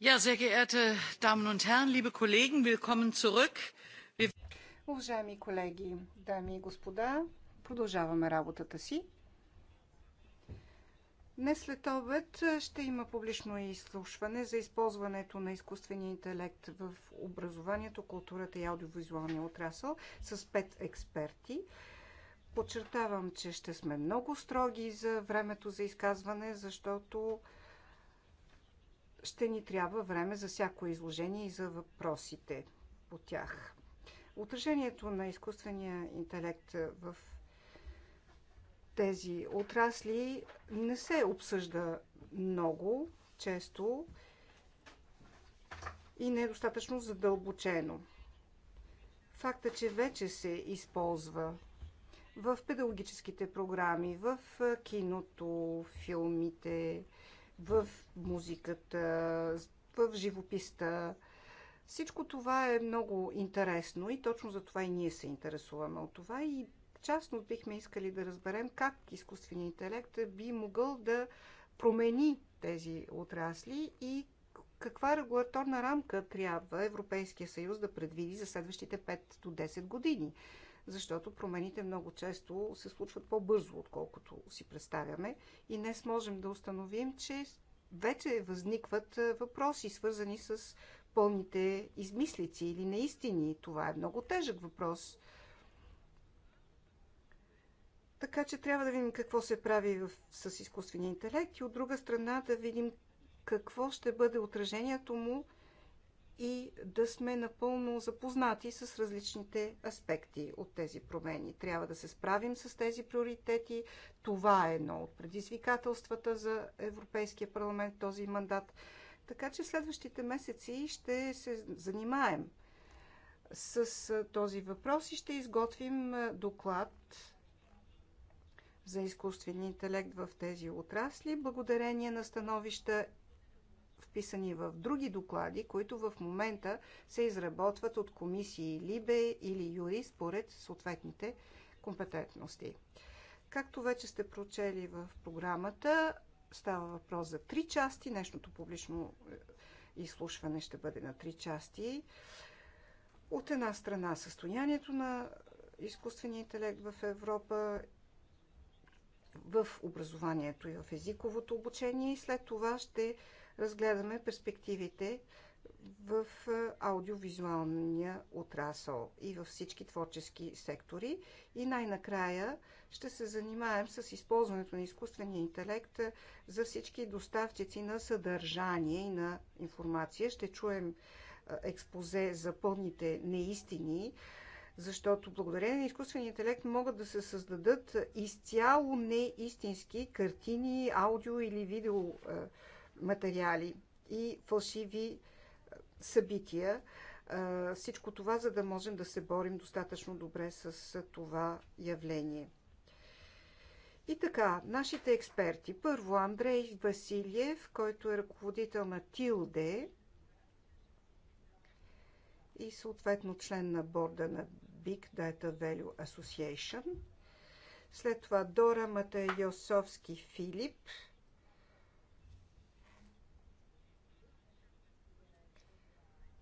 sehr geehrte Damen und Herren, liebe Kollegen, willkommen zurück. Уважаеми колеги, дами и господа, продължаваме работата си. Днес след обед ще има публично изслушване за използването на изкуствения интелект в образованието, културата и аудиовизуалния отрасъл с пет експерти. Подчертавам, че ще сме много строги за времето за изказване, защото ще ни трябва време за всяко изложение и за въпросите по тях. Отражението на изкуствения интелект в тези отрасли не се обсъжда много, често и недостатъчно е задълбочено. Факта, че вече се използва в педагогическите програми, в киното, филмите, в музиката, в живописта. Всичко това е много интересно и точно за това и ние се интересуваме от това и частно бихме искали да разберем как изкуственият интелект би могъл да промени тези отрасли и каква регулаторна рамка трябва Европейския съюз да предвиди за следващите 5 до 10 години защото промените много често се случват по-бързо, отколкото си представяме. И днес можем да установим, че вече възникват въпроси, свързани с пълните измислици или неистини. Това е много тежък въпрос. Така че трябва да видим какво се прави в, с изкуствения интелект и от друга страна да видим какво ще бъде отражението му и да сме напълно запознати с различните аспекти от тези промени. Трябва да се справим с тези приоритети. Това е едно от предизвикателствата за Европейския парламент този мандат. Така че в следващите месеци ще се занимаем с този въпрос и ще изготвим доклад за изкуствения интелект в тези отрасли, благодарение на становища вписани в други доклади, които в момента се изработват от комисии Либе или Юри според съответните компетентности. Както вече сте прочели в програмата, става въпрос за три части. Днешното публично е, изслушване ще бъде на три части. От една страна състоянието на изкуствения интелект в Европа в образованието и в езиковото обучение и след това ще разгледаме перспективите в аудиовизуалния отрасъл и във всички творчески сектори. И най-накрая ще се занимаем с използването на изкуствения интелект за всички доставчици на съдържание и на информация. Ще чуем експозе за пълните неистини, защото благодарение на изкуствения интелект могат да се създадат изцяло неистински картини, аудио или видео материали и фалшиви е, събития. Е, всичко това, за да можем да се борим достатъчно добре с това явление. И така, нашите експерти. Първо Андрей Василиев, който е ръководител на ТИЛДЕ и съответно член на борда на Big Data Value Association. След това Дора Матайосовски Филип –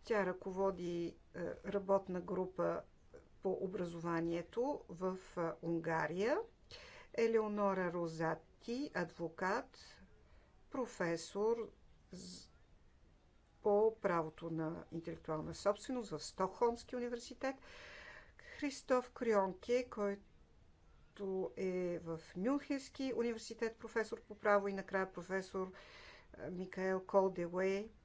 Тя ръководи е, работна група по образованието в е, Унгария. Елеонора Розати, адвокат, професор по правото на интелектуална собственост в Стокхолмския университет. Христоф Крионке, който е в Мюнхенски университет, професор по право и накрая професор е, Микаел Колдеуей –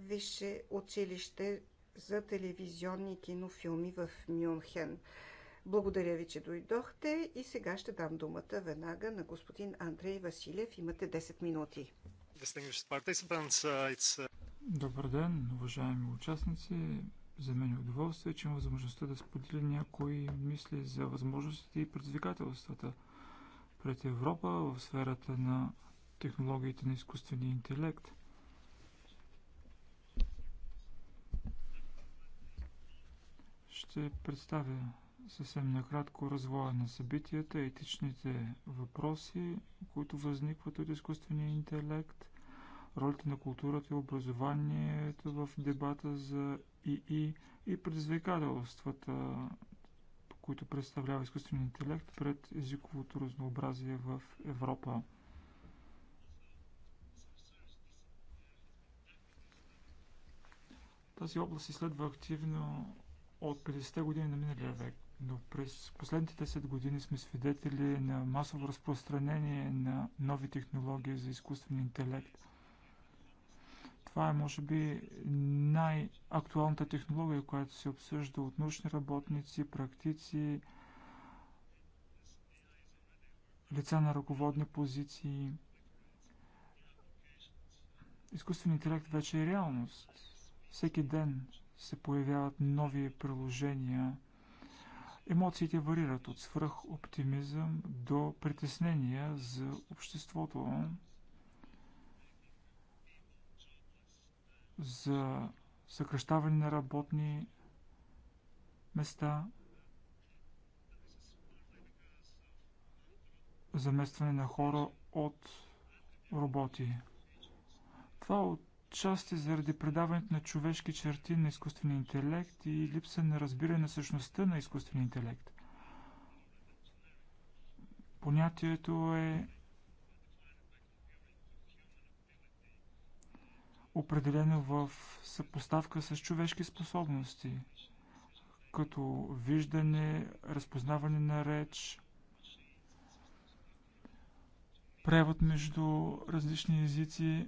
висше училище за телевизионни и кинофилми в Мюнхен. Благодаря ви, че дойдохте и сега ще дам думата веднага на господин Андрей Василев. Имате 10 минути. Uh, uh, Добър ден, уважаеми участници. За мен е удоволствие, че имам възможността да споделя някои мисли за възможностите и предизвикателствата пред Европа в сферата на технологиите на изкуствения интелект – Ще представя съвсем накратко развоя на събитията, етичните въпроси, които възникват от изкуствения интелект, ролята на културата и образованието в дебата за ИИ и предизвикателствата, които представлява изкуствения интелект пред езиковото разнообразие в Европа. Тази област изследва активно от 50-те години на миналия век. Но през последните 10 години сме свидетели на масово разпространение на нови технологии за изкуствен интелект. Това е, може би, най-актуалната технология, която се обсъжда от научни работници, практици, лица на ръководни позиции. Изкуственият интелект вече е реалност. Всеки ден се появяват нови приложения. Емоциите варират от свръх, оптимизъм до притеснения за обществото, за съкръщаване на работни места, заместване на хора от роботи. Това от отчасти заради предаването на човешки черти на изкуствения интелект и липса на разбиране на същността на изкуствения интелект. Понятието е определено в съпоставка с човешки способности, като виждане, разпознаване на реч, превод между различни езици,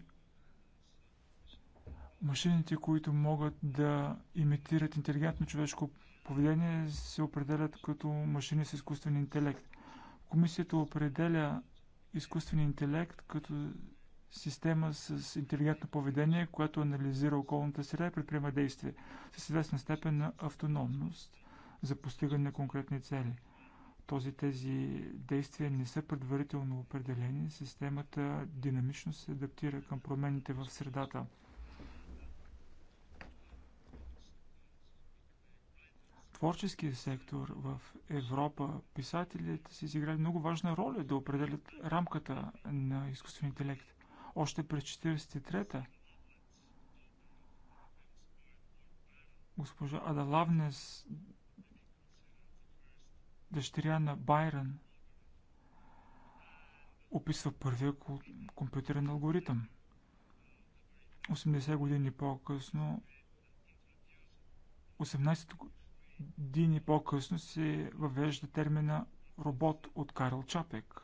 Машините, които могат да имитират интелигентно човешко поведение, се определят като машини с изкуствен интелект. Комисията определя изкуствен интелект като система с интелигентно поведение, която анализира околната среда и предприема действия с известна степен на автономност за постигане на конкретни цели. Този тези действия не са предварително определени, системата динамично се адаптира към промените в средата – творческия сектор в Европа, писателите си изиграли много важна роля да определят рамката на изкуствен интелект. Още през 1943-та госпожа Лавнес, дъщеря на Байрон, описва първия компютърен алгоритъм. 80 години по-късно 18 години по-късно се въвежда термина „робот“ от Карл Чапек,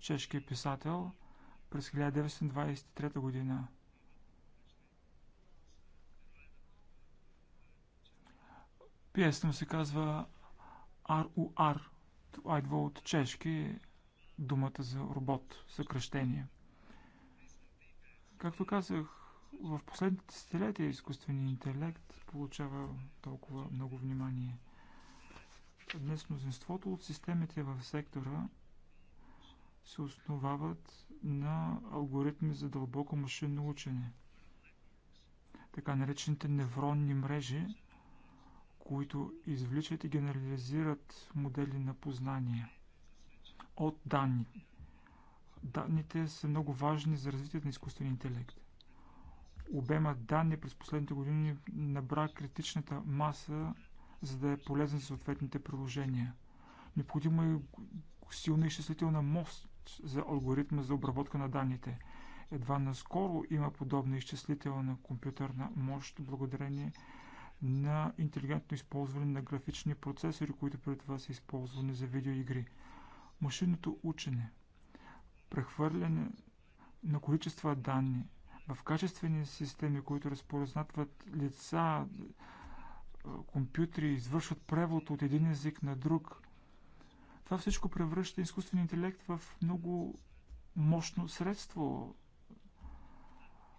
чешки писател, през 1923 г. Пиесата се казва RUR. Това идва от чешки думата за робот, съкръщение. Както казах, в последните десетилетия изкуственият интелект получава толкова много внимание. Днес мнозинството от системите в сектора се основават на алгоритми за дълбоко машинно учене. Така наречените невронни мрежи, които извличат и генерализират модели на познание от данни. Данните са много важни за развитието на изкуствения интелект обемът данни през последните години набра критичната маса, за да е полезен за съответните приложения. Необходима е силна изчислителна мощ за алгоритма за обработка на данните. Едва наскоро има подобна изчислителна компютърна мощ благодарение на интелигентно използване на графични процесори, които преди това са използвани за видеоигри. Машинното учене, прехвърляне на количества данни в качествени системи, които разпознават лица, компютри, извършват превод от един език на друг. Това всичко превръща изкуствения интелект в много мощно средство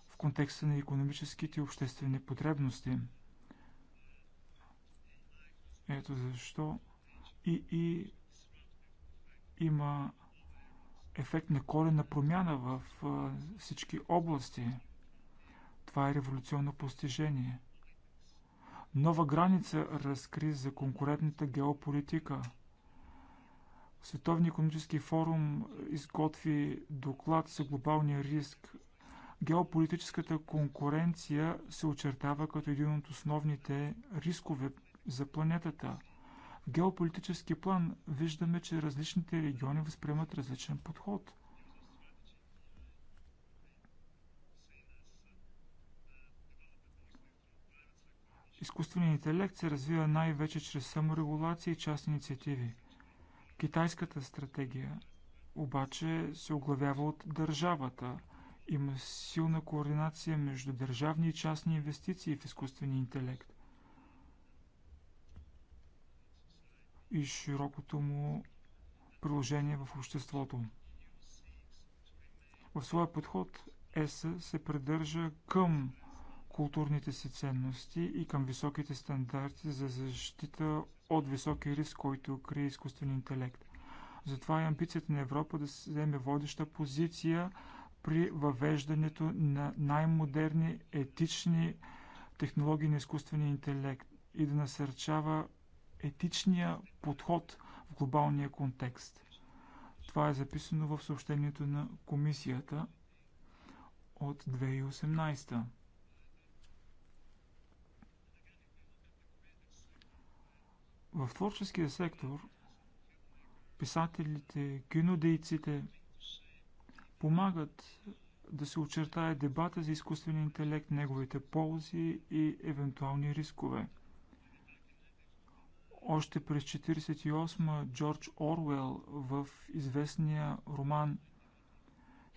в контекста на економическите и обществени потребности. Ето защо и, и има ефект на корена промяна в всички области. Това е революционно постижение. Нова граница разкри за конкурентната геополитика. Световния економически форум изготви доклад за глобалния риск. Геополитическата конкуренция се очертава като един от основните рискове за планетата – геополитически план виждаме, че различните региони възприемат различен подход. Изкуственият интелект се развива най-вече чрез саморегулация и частни инициативи. Китайската стратегия обаче се оглавява от държавата. Има силна координация между държавни и частни инвестиции в изкуствения интелект. и широкото му приложение в обществото. В своя подход ЕС се придържа към културните си ценности и към високите стандарти за защита от високия риск, който крие изкуствен интелект. Затова е амбицията на Европа да се вземе водеща позиция при въвеждането на най-модерни етични технологии на изкуствения интелект и да насърчава етичния подход в глобалния контекст. Това е записано в съобщението на комисията от 2018. В творческия сектор писателите, кинодейците помагат да се очертае дебата за изкуствения интелект, неговите ползи и евентуални рискове – още през 1948 Джордж Орвел в известния роман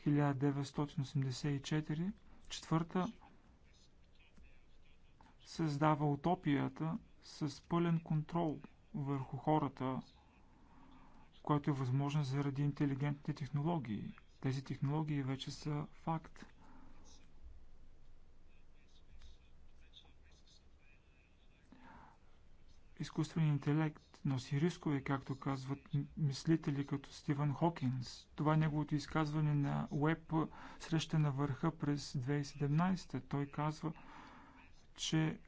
1984 четвърта създава утопията с пълен контрол върху хората, което е възможно заради интелигентните технологии. Тези технологии вече са факт. Изкуственият интелект носи рискове, както казват мислители като Стивън Хокинс. Това е неговото изказване на Уеб среща на върха през 2017. Той казва, че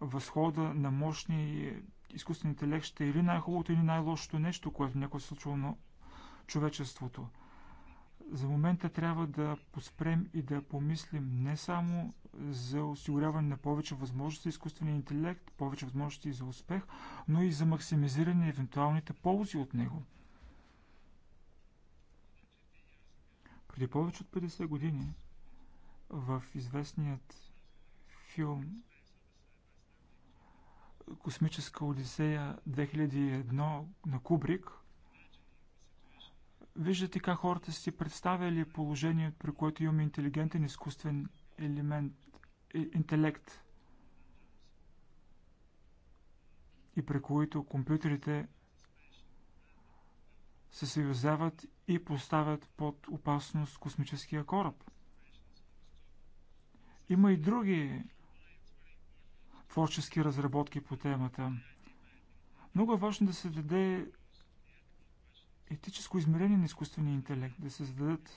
възхода на мощния изкуствен интелект ще е или най-хубавото, или най-лошото нещо, което някой е случило на човечеството. За момента трябва да поспрем и да помислим не само за осигуряване на повече възможности за изкуствения интелект, повече възможности за успех, но и за максимизиране на евентуалните ползи от него. Преди повече от 50 години в известният филм Космическа Одисея 2001 на Кубрик – Виждате как хората си представили положението, при което имаме интелигентен изкуствен елемент, е, интелект и при които компютрите се съюзяват и поставят под опасност космическия кораб. Има и други творчески разработки по темата. Много е важно да се даде етическо измерение на изкуствения интелект, да се зададат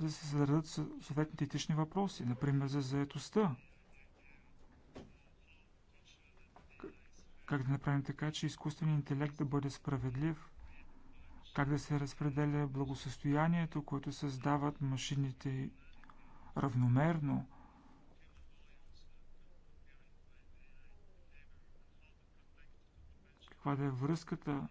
да се зададат съответните етични въпроси, например за заетостта. Как да направим така, че изкуственият интелект да бъде справедлив? Как да се разпределя благосъстоянието, което създават машините равномерно? Каква да е връзката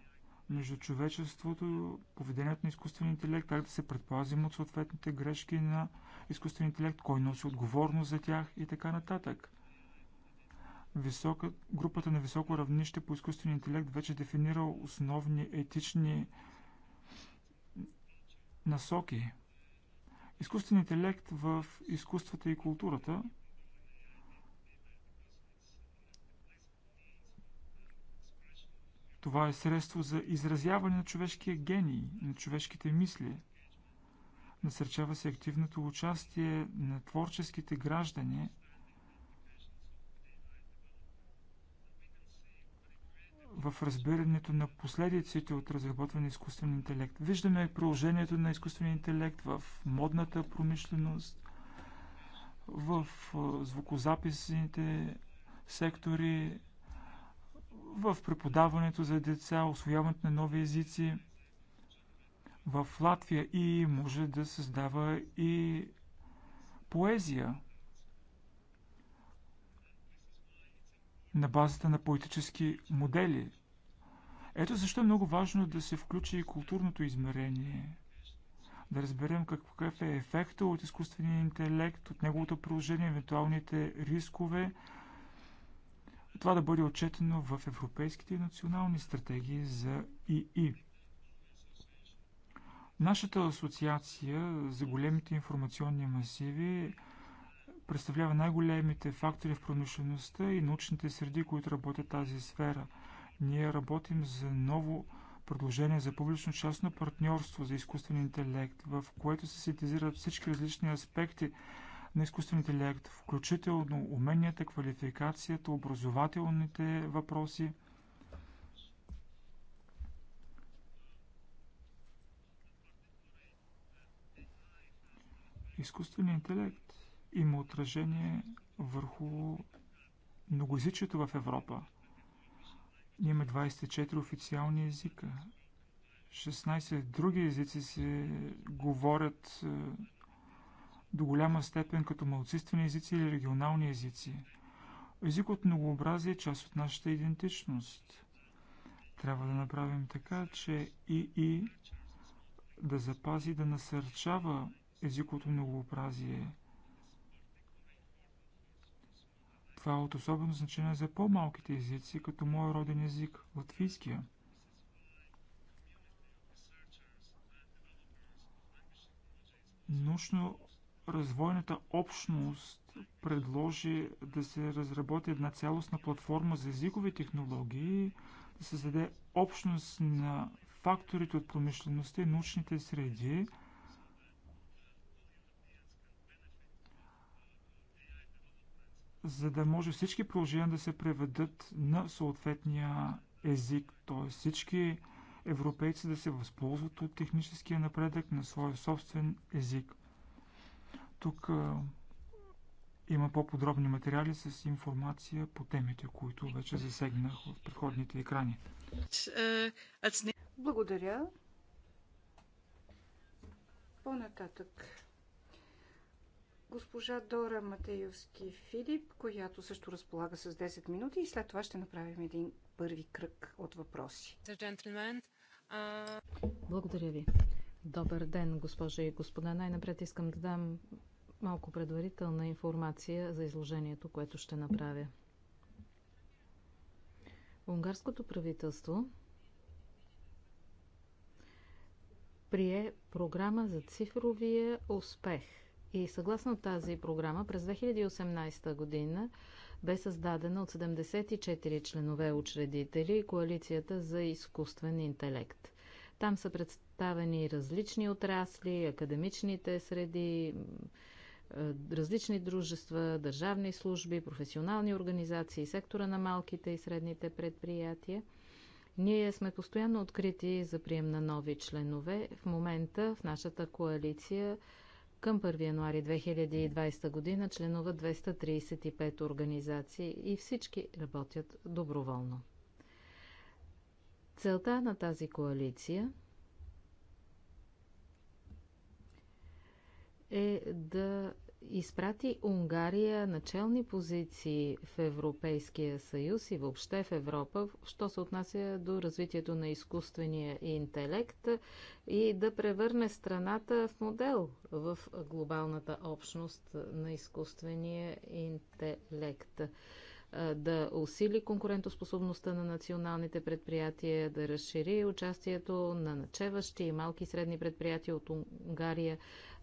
между човечеството, поведението на изкуствен интелект, как да се предпазим от съответните грешки на изкуствен интелект, кой носи отговорност за тях и така нататък. Висока, групата на високо равнище по изкуствен интелект вече е дефинира основни етични насоки. Изкуствен интелект в изкуствата и културата – Това е средство за изразяване на човешкия гений, на човешките мисли. Насърчава се активното участие на творческите граждани в разбирането на последиците от разработване на изкуствен интелект. Виждаме приложението на изкуствен интелект в модната промишленост, в звукозаписните сектори, в преподаването за деца, освояването на нови езици. В Латвия и може да създава и поезия на базата на поетически модели. Ето защо е много важно да се включи и културното измерение. Да разберем какъв е ефекта от изкуствения интелект, от неговото приложение, евентуалните рискове, това да бъде отчетено в европейските и национални стратегии за ИИ. Нашата асоциация за големите информационни масиви представлява най-големите фактори в промишлеността и научните среди, които работят тази сфера. Ние работим за ново предложение за публично-частно партньорство за изкуствен интелект, в което се синтезират всички различни аспекти на изкуствен интелект, включително уменията, квалификацията, образователните въпроси. Изкуственият интелект има отражение върху многоязичието в Европа. Имаме 24 официални езика. 16 други езици се говорят е, до голяма степен като малцинствени езици или регионални езици. Езикът многообразие е част от нашата идентичност. Трябва да направим така, че и и да запази да насърчава езиковото многообразие. Това е от особено значение за по-малките езици, като моят роден език – латвийския. Нужно развойната общност предложи да се разработи една цялостна платформа за езикови технологии, да се създаде общност на факторите от промишлеността и научните среди, за да може всички приложения да се преведат на съответния език, т.е. всички европейци да се възползват от техническия напредък на своя собствен език. Тук има по-подробни материали с информация по темите, които вече засегнах в предходните екрани. Благодаря. По-нататък. Госпожа Дора Матеевски Филип, която също разполага с 10 минути и след това ще направим един първи кръг от въпроси. Благодаря ви. Добър ден, госпожи и господа. Най-напред искам да дам малко предварителна информация за изложението, което ще направя. Унгарското правителство прие програма за цифровия успех. И съгласно тази програма през 2018 година бе създадена от 74 членове учредители Коалицията за изкуствен интелект. Там са представени различни отрасли, академичните среди, е, различни дружества, държавни служби, професионални организации, сектора на малките и средните предприятия. Ние сме постоянно открити за прием на нови членове. В момента в нашата коалиция към 1 януари 2020 година членува 235 организации и всички работят доброволно. Целта на тази коалиция – е да изпрати Унгария начални позиции в Европейския съюз и въобще в Европа, що се отнася до развитието на изкуствения интелект и да превърне страната в модел в глобалната общност на изкуствения интелект да усили конкурентоспособността на националните предприятия, да разшири участието на начеващи и малки и средни предприятия от Унгария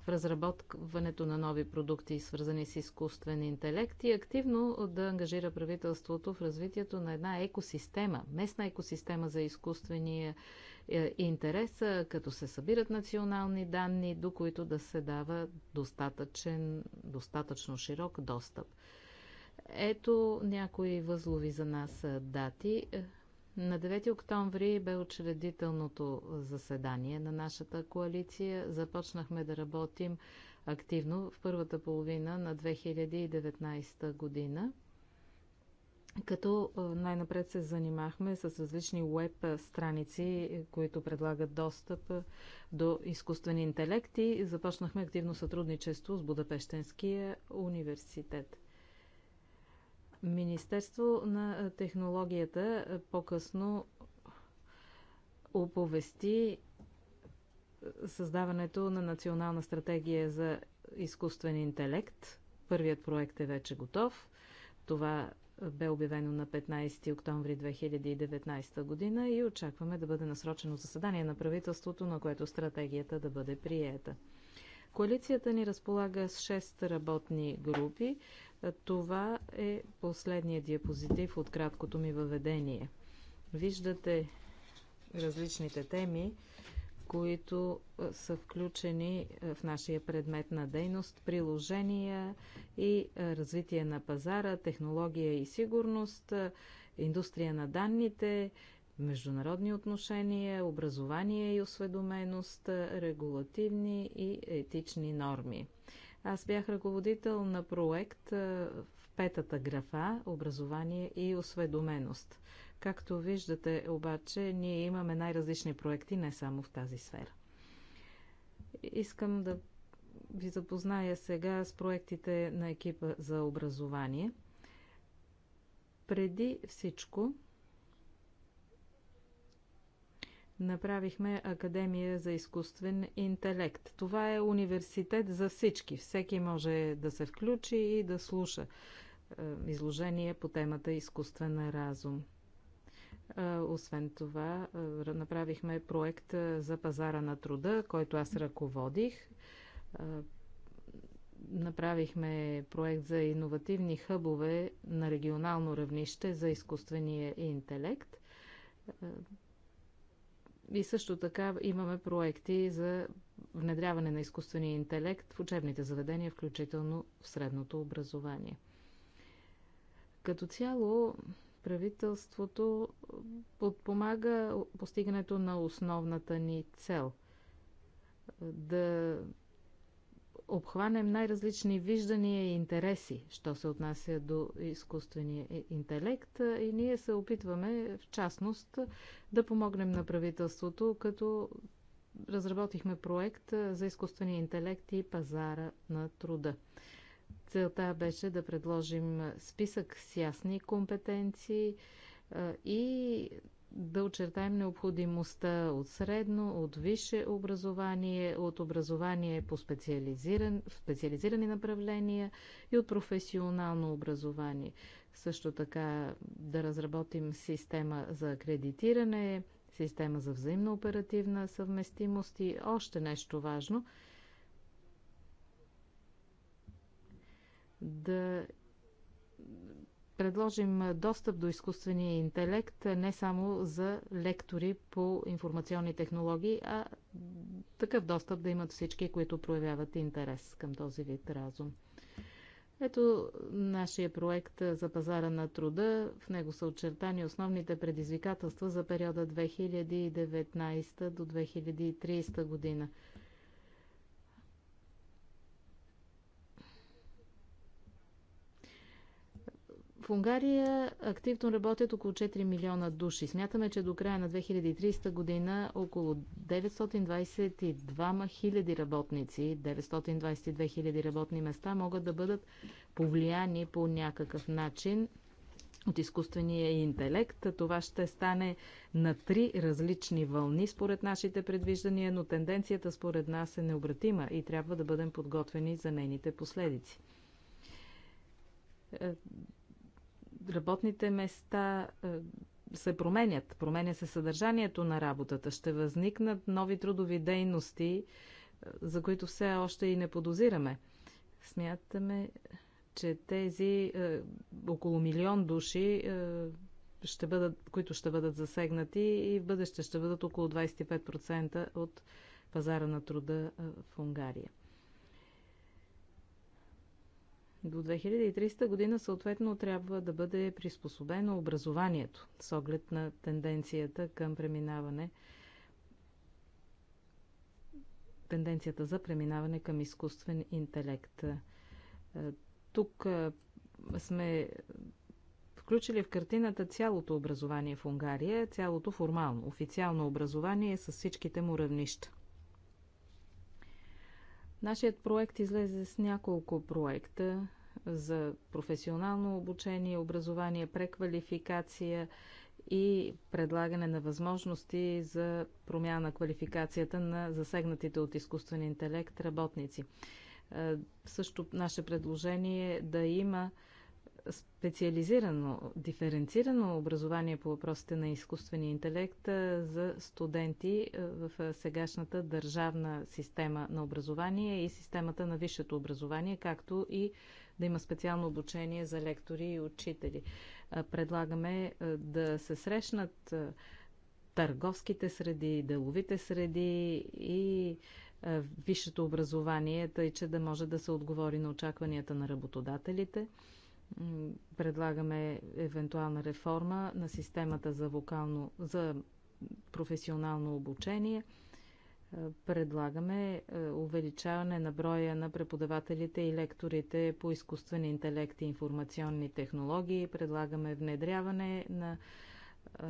в разработването на нови продукти, свързани с изкуствен интелект и активно да ангажира правителството в развитието на една екосистема, местна екосистема за изкуствения е, интерес, е, като се събират национални данни, до които да се дава достатъчен, достатъчно широк достъп. Ето някои възлови за нас е, дати. На 9 октомври бе учредителното заседание на нашата коалиция. Започнахме да работим активно в първата половина на 2019 година като най-напред се занимахме с различни веб страници, които предлагат достъп до изкуствен интелект и започнахме активно сътрудничество с Будапештенския университет. Министерство на технологията по-късно оповести създаването на национална стратегия за изкуствен интелект. Първият проект е вече готов. Това бе обявено на 15 октомври 2019 година и очакваме да бъде насрочено заседание на правителството, на което стратегията да бъде приета. Коалицията ни разполага с 6 работни групи, това е последният диапозитив от краткото ми въведение. Виждате различните теми, които са включени в нашия предмет на дейност, приложения и развитие на пазара, технология и сигурност, индустрия на данните, международни отношения, образование и осведоменост, регулативни и етични норми. Аз бях ръководител на проект в петата графа образование и осведоменост. Както виждате, обаче, ние имаме най-различни проекти, не само в тази сфера. Искам да ви запозная сега с проектите на екипа за образование. Преди всичко, направихме Академия за изкуствен интелект. Това е университет за всички. Всеки може да се включи и да слуша е, изложение по темата изкуствен разум. Е, освен това, е, направихме проект за пазара на труда, който аз ръководих. Направихме проект за иновативни хъбове на регионално равнище за изкуствения интелект. И също така имаме проекти за внедряване на изкуствения интелект в учебните заведения, включително в средното образование. Като цяло, правителството подпомага постигането на основната ни цел да обхванем най-различни виждания и интереси, що се отнася до изкуствения интелект. И ние се опитваме, в частност, да помогнем на правителството, като разработихме проект за изкуствения интелект и пазара на труда. Целта беше да предложим списък с ясни компетенции и да очертаем необходимостта от средно, от висше образование, от образование по специализиран, специализирани направления и от професионално образование. Също така да разработим система за акредитиране, система за взаимно оперативна съвместимост и още нещо важно – да предложим достъп до изкуствения интелект не само за лектори по информационни технологии, а такъв достъп да имат всички, които проявяват интерес към този вид разум. Ето нашия проект за пазара на труда. В него са очертани основните предизвикателства за периода 2019 до 2030 година. Унгария активно работят около 4 милиона души. Смятаме, че до края на 2030 година около 922 хиляди работници, 922 хиляди работни места могат да бъдат повлияни по някакъв начин от изкуствения интелект. Това ще стане на три различни вълни според нашите предвиждания, но тенденцията според нас е необратима и трябва да бъдем подготвени за нейните последици работните места е, се променят. Променя се съдържанието на работата. Ще възникнат нови трудови дейности, е, за които все още и не подозираме. Смятаме, че тези е, около милион души, е, ще бъдат, които ще бъдат засегнати и в бъдеще ще бъдат около 25% от пазара на труда е, в Унгария. До 2300 година съответно трябва да бъде приспособено образованието с оглед на тенденцията към преминаване тенденцията за преминаване към изкуствен интелект. Е, тук е, сме включили в картината цялото образование в Унгария, цялото формално, официално образование с всичките му равнища. Нашият проект излезе с няколко проекта за професионално обучение, образование, преквалификация и предлагане на възможности за промяна на квалификацията на засегнатите от изкуствен интелект работници. Е, също наше предложение е да има специализирано, диференцирано образование по въпросите на изкуствения интелект за студенти в сегашната държавна система на образование и системата на висшето образование, както и да има специално обучение за лектори и учители. Предлагаме да се срещнат търговските среди, деловите среди и висшето образование, тъй че да може да се отговори на очакванията на работодателите – Предлагаме евентуална реформа на системата за, вокално, за професионално обучение. Е, предлагаме е, увеличаване на броя на преподавателите и лекторите по изкуствен интелект и информационни технологии. Предлагаме внедряване на е,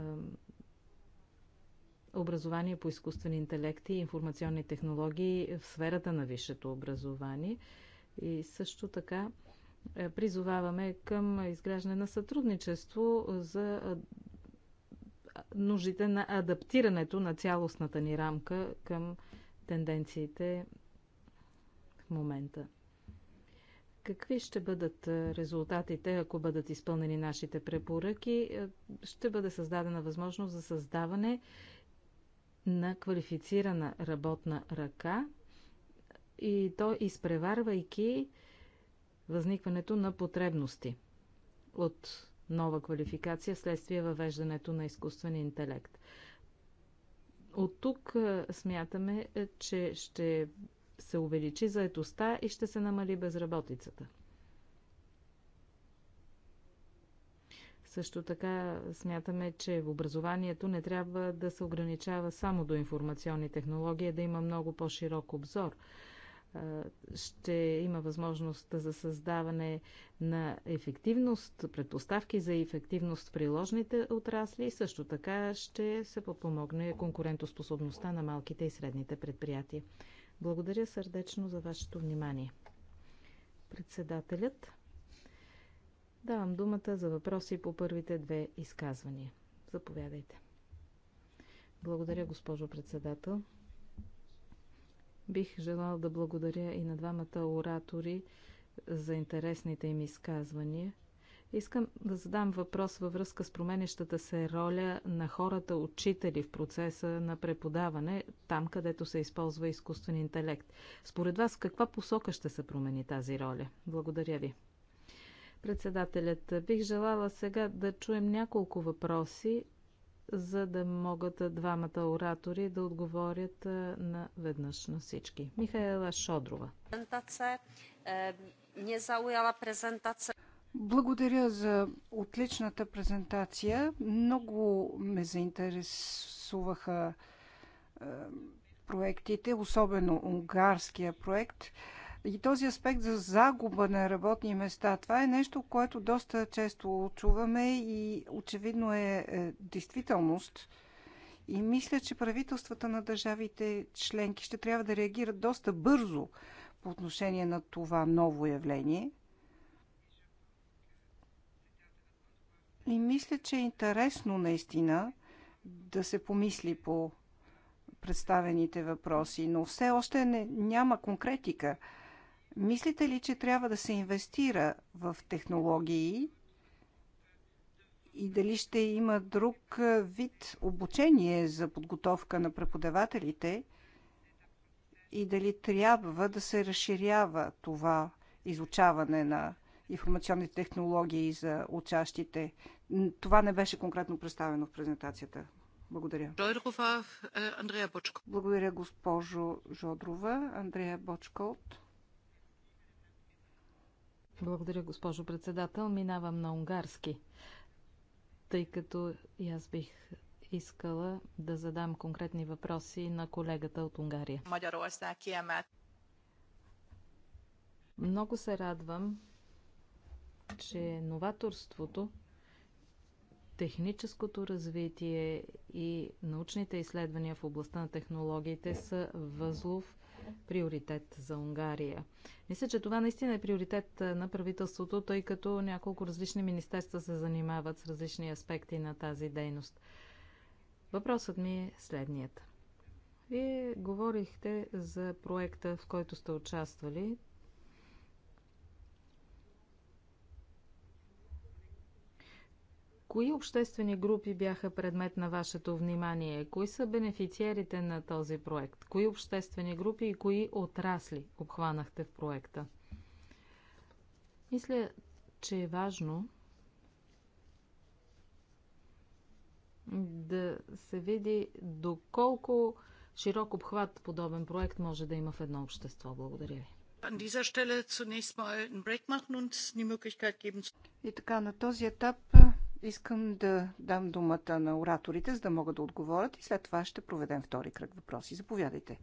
образование по изкуствен интелект и информационни технологии в сферата на висшето образование. И също така е, призоваваме към изграждане на сътрудничество за нуждите на адаптирането на цялостната ни рамка към тенденциите в момента. Какви ще бъдат резултатите, ако бъдат изпълнени нашите препоръки? Е, ще бъде създадена възможност за създаване на квалифицирана работна ръка и то изпреварвайки възникването на потребности от нова квалификация следствие въвеждането на изкуствен интелект. От тук смятаме, е, че ще се увеличи заетостта и ще се намали безработицата. Също така смятаме, че в образованието не трябва да се ограничава само до информационни технологии, да има много по-широк обзор – ще има възможност за създаване на ефективност, предпоставки за ефективност в приложните отрасли и също така ще се подпомогне конкурентоспособността на малките и средните предприятия. Благодаря сърдечно за вашето внимание. Председателят, давам думата за въпроси по първите две изказвания. Заповядайте. Благодаря, госпожо председател. Бих желал да благодаря и на двамата оратори за интересните им изказвания. Искам да задам въпрос във връзка с променещата се роля на хората учители в процеса на преподаване, там където се използва изкуствен интелект. Според вас, каква посока ще се промени тази роля? Благодаря ви. Председателят, бих желала сега да чуем няколко въпроси за да могат двамата оратори да отговорят на веднъж на всички. Михаела Шодрова. Е, Благодаря за отличната презентация. Много ме заинтересуваха е, проектите, особено унгарския проект – и този аспект за загуба на работни места, това е нещо, което доста често чуваме и очевидно е, е действителност. И мисля, че правителствата на държавите членки ще трябва да реагират доста бързо по отношение на това ново явление. И мисля, че е интересно наистина да се помисли по представените въпроси, но все още не, няма конкретика. Мислите ли, че трябва да се инвестира в технологии и дали ще има друг вид обучение за подготовка на преподавателите и дали трябва да се разширява това изучаване на информационни технологии за учащите. Това не беше конкретно представено в презентацията. Благодаря. Благодаря, госпожо Жодрова. Андрея Бочколт. Благодаря, госпожо председател. Минавам на унгарски, тъй като и аз бих искала да задам конкретни въпроси на колегата от Унгария. Много се радвам, че новаторството, техническото развитие и научните изследвания в областта на технологиите са възлов приоритет за Унгария. Мисля, че това наистина е приоритет на правителството, тъй като няколко различни министерства се занимават с различни аспекти на тази дейност. Въпросът ми е следният. Вие говорихте за проекта, в който сте участвали. Кои обществени групи бяха предмет на вашето внимание? Кои са бенефициерите на този проект? Кои обществени групи и кои отрасли обхванахте в проекта? Мисля, че е важно да се види доколко широк обхват подобен проект може да има в едно общество. Благодаря ви. И така, на този етап Искам да дам думата на ораторите, за да могат да отговорят и след това ще проведем втори кръг въпроси. Заповядайте.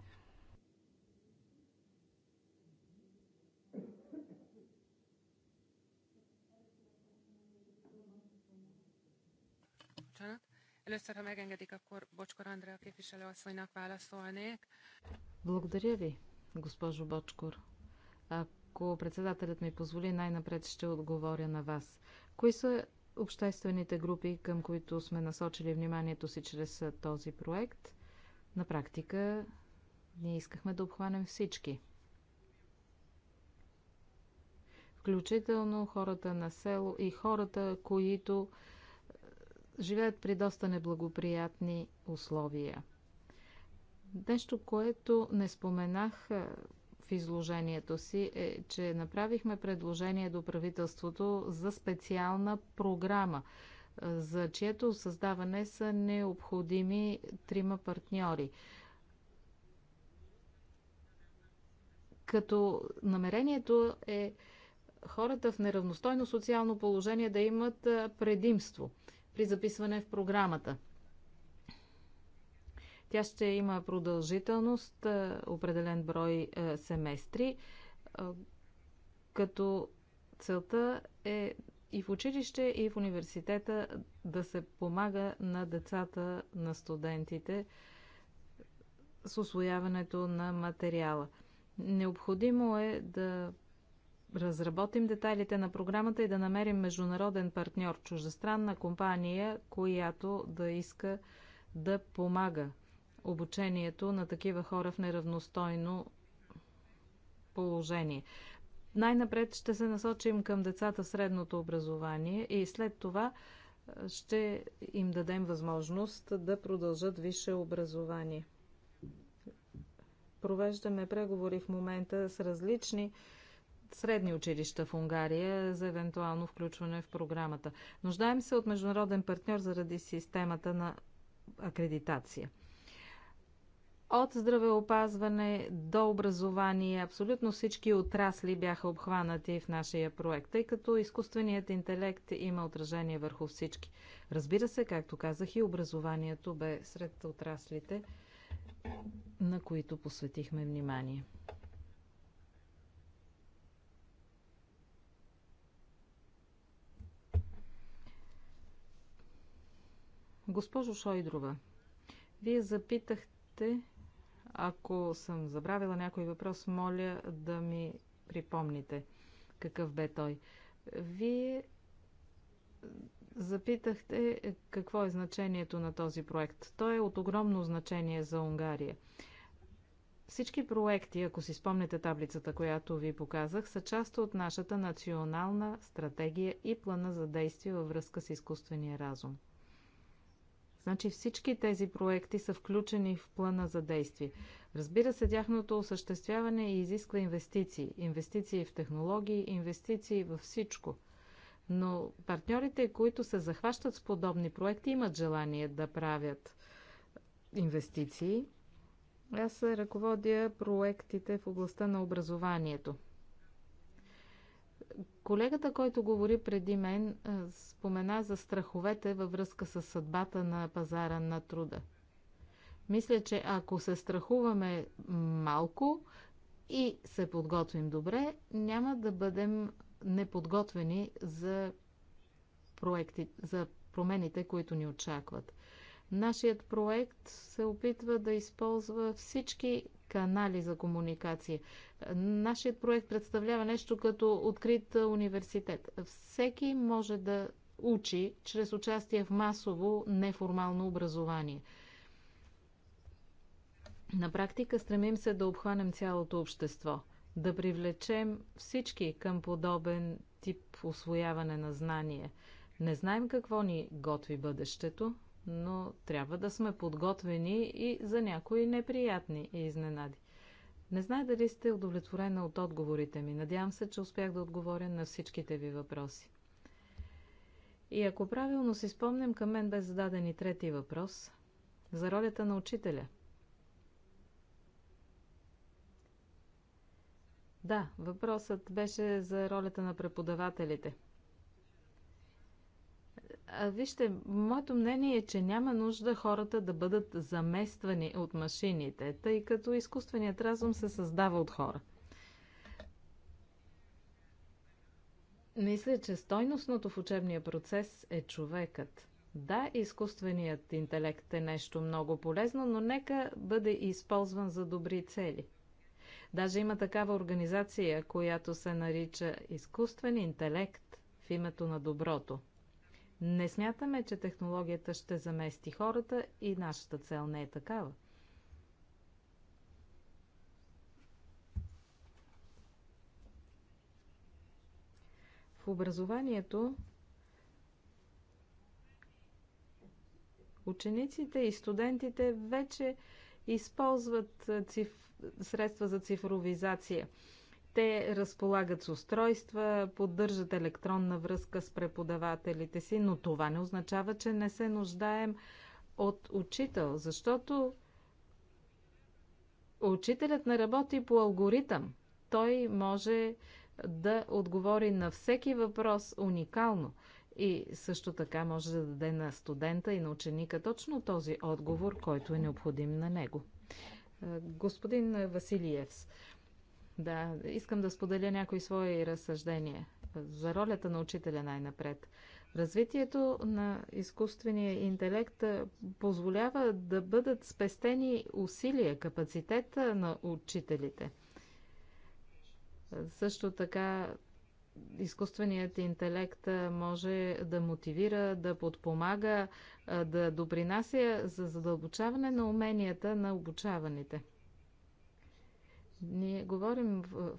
Благодаря ви, госпожо Бочкор. Ако председателят ми позволи, най-напред ще отговоря на вас. Кои са обществените групи, към които сме насочили вниманието си чрез този проект. На практика ние искахме да обхванем всички. Включително хората на село и хората, които живеят при доста неблагоприятни условия. Нещо, което не споменах в изложението си, е, че направихме предложение до правителството за специална програма, е, за чието създаване са необходими трима партньори. Като намерението е хората в неравностойно социално положение да имат е, предимство при записване в програмата – тя ще има продължителност, е, определен брой е, семестри, е, като целта е и в училище, и в университета да се помага на децата, на студентите с освояването на материала. Необходимо е да разработим детайлите на програмата и да намерим международен партньор, чуждестранна компания, която да иска да помага обучението на такива хора в неравностойно положение. Най-напред ще се насочим към децата в средното образование и след това ще им дадем възможност да продължат висше образование. Провеждаме преговори в момента с различни средни училища в Унгария за евентуално включване в програмата. Нуждаем се от международен партньор заради системата на акредитация. От здравеопазване до образование, абсолютно всички отрасли бяха обхванати в нашия проект, тъй като изкуственият интелект има отражение върху всички. Разбира се, както казах, и образованието бе сред отраслите, на които посветихме внимание. Госпожо Шойдрова, вие запитахте ако съм забравила някой въпрос, моля да ми припомните какъв бе той. Вие запитахте какво е значението на този проект. Той е от огромно значение за Унгария. Всички проекти, ако си спомнете таблицата, която ви показах, са част от нашата национална стратегия и плана за действие във връзка с изкуствения разум. Значи всички тези проекти са включени в плана за действие. Разбира се, тяхното осъществяване изисква инвестиции. Инвестиции в технологии, инвестиции във всичко. Но партньорите, които се захващат с подобни проекти, имат желание да правят инвестиции. Аз ръководя проектите в областта на образованието. Колегата, който говори преди мен, спомена за страховете във връзка с съдбата на пазара на труда. Мисля, че ако се страхуваме малко и се подготвим добре, няма да бъдем неподготвени за проекти, за промените, които ни очакват. Нашият проект се опитва да използва всички канали за комуникация. Нашият проект представлява нещо като открит университет. Всеки може да учи чрез участие в масово неформално образование. На практика стремим се да обхванем цялото общество, да привлечем всички към подобен тип освояване на знание. Не знаем какво ни готви бъдещето, но трябва да сме подготвени и за някои неприятни изненади. Не знае дали сте удовлетворена от отговорите ми. Надявам се, че успях да отговоря на всичките ви въпроси. И ако правилно си спомням, към мен бе зададен и трети въпрос за ролята на учителя. Да, въпросът беше за ролята на преподавателите – Вижте, моето мнение е, че няма нужда хората да бъдат замествани от машините, тъй като изкуственият разум се създава от хора. Мисля, че стойностното в учебния процес е човекът. Да, изкуственият интелект е нещо много полезно, но нека бъде използван за добри цели. Даже има такава организация, която се нарича изкуствен интелект в името на доброто. Не смятаме, че технологията ще замести хората и нашата цел не е такава. В образованието учениците и студентите вече използват циф... средства за цифровизация – те разполагат с устройства, поддържат електронна връзка с преподавателите си, но това не означава, че не се нуждаем от учител, защото учителят не работи по алгоритъм. Той може да отговори на всеки въпрос уникално. И също така може да даде на студента и на ученика точно този отговор, който е необходим на него. Господин Василиевс, да, искам да споделя някои свои разсъждения за ролята на учителя най-напред. Развитието на изкуствения интелект позволява да бъдат спестени усилия, капацитета на учителите. Също така изкуственият интелект може да мотивира, да подпомага, да допринася за задълбочаване на уменията на обучаваните. Ние говорим в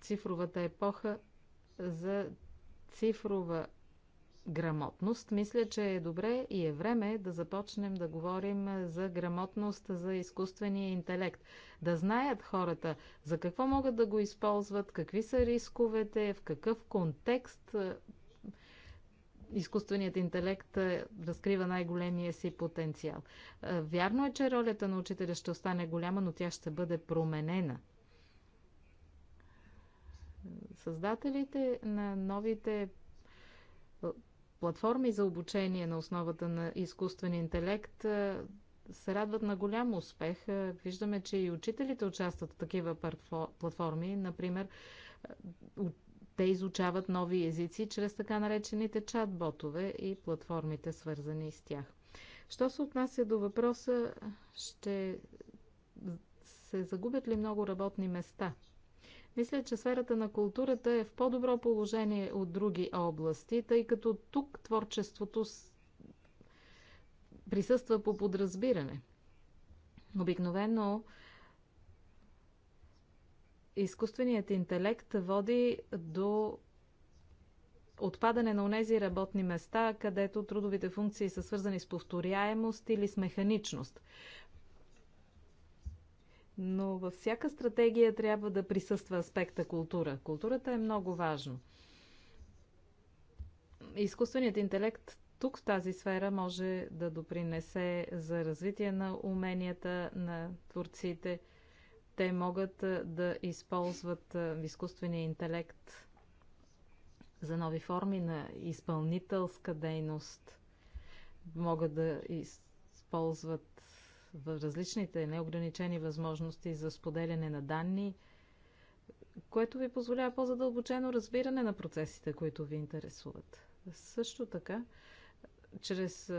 цифровата епоха за цифрова грамотност. Мисля, че е добре и е време да започнем да говорим за грамотност за изкуствения интелект. Да знаят хората за какво могат да го използват, какви са рисковете, в какъв контекст е, изкуственият интелект е, разкрива най-големия си потенциал. Е, вярно е, че ролята на учителя ще остане голяма, но тя ще бъде променена Създателите на новите платформи за обучение на основата на изкуствен интелект се радват на голям успех. Виждаме, че и учителите участват в такива платформи. Например, те изучават нови езици чрез така наречените чат-ботове и платформите, свързани с тях. Що се отнася до въпроса, ще се загубят ли много работни места мисля, че сферата на културата е в по-добро положение от други области, тъй като тук творчеството присъства по подразбиране. Обикновено изкуственият интелект води до отпадане на онези работни места, където трудовите функции са свързани с повторяемост или с механичност но във всяка стратегия трябва да присъства аспекта култура. Културата е много важно. Изкуственият интелект тук в тази сфера може да допринесе за развитие на уменията на творците. Те могат да използват изкуствения интелект за нови форми на изпълнителска дейност. Могат да използват в различните неограничени възможности за споделяне на данни, което ви позволява по-задълбочено разбиране на процесите, които ви интересуват. Също така, чрез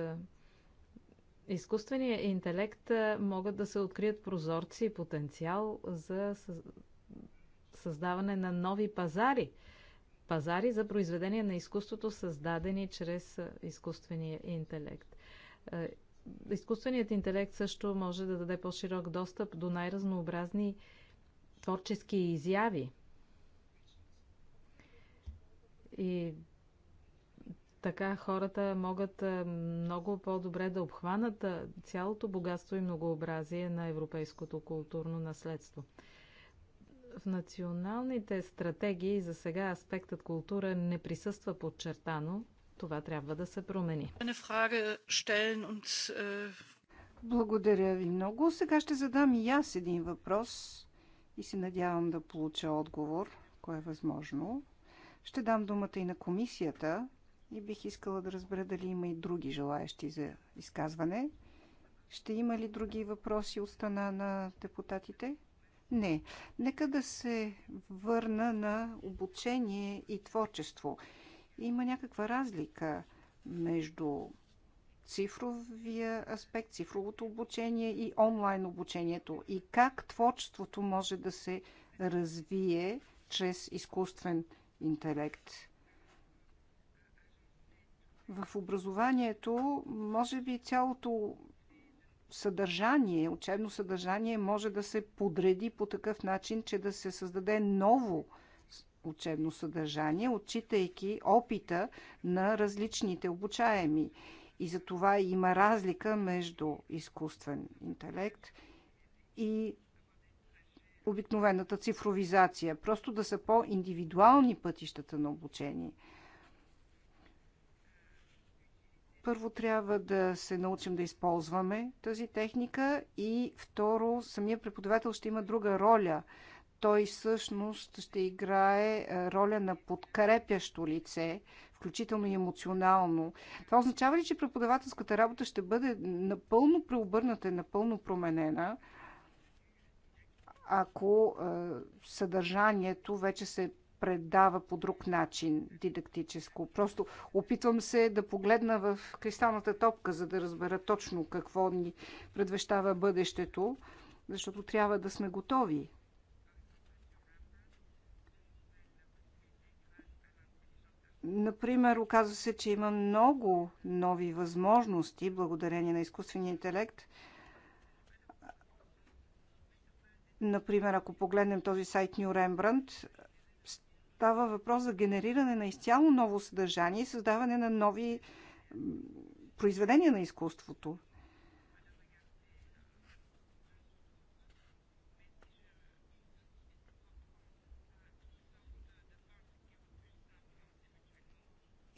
изкуствения интелект могат да се открият прозорци и потенциал за създаване на нови пазари. Пазари за произведения на изкуството, създадени чрез изкуствения интелект изкуственият интелект също може да даде по-широк достъп до най-разнообразни творчески изяви. И така хората могат много по-добре да обхванат цялото богатство и многообразие на европейското културно наследство. В националните стратегии за сега аспектът култура не присъства подчертано, това трябва да се промени. Äh, Благодаря ви много. Сега ще задам и аз един въпрос и се надявам да получа отговор, ако е възможно. Ще дам думата и на комисията и бих искала да разбера дали има и други желаящи за изказване. Ще има ли други въпроси от страна на депутатите? Не. Нека да се върна на обучение и творчество. Има някаква разлика между цифровия аспект, цифровото обучение и онлайн обучението и как творчеството може да се развие чрез изкуствен интелект. В образованието, може би цялото съдържание, учебно съдържание може да се подреди по такъв начин, че да се създаде ново учебно съдържание, отчитайки опита на различните обучаеми. И за това има разлика между изкуствен интелект и обикновената цифровизация. Просто да са по-индивидуални пътищата на обучение. Първо трябва да се научим да използваме тази техника и второ, самия преподавател ще има друга роля – той всъщност ще играе е, роля на подкрепящо лице, включително и емоционално. Това означава ли, че преподавателската работа ще бъде напълно преобърната, напълно променена, ако е, съдържанието вече се предава по друг начин дидактическо. Просто опитвам се да погледна в кристалната топка, за да разбера точно какво ни предвещава бъдещето, защото трябва да сме готови Например, оказва се, че има много нови възможности благодарение на изкуствения интелект. Например, ако погледнем този сайт New Rembrandt, става въпрос за генериране на изцяло ново съдържание и създаване на нови произведения на изкуството.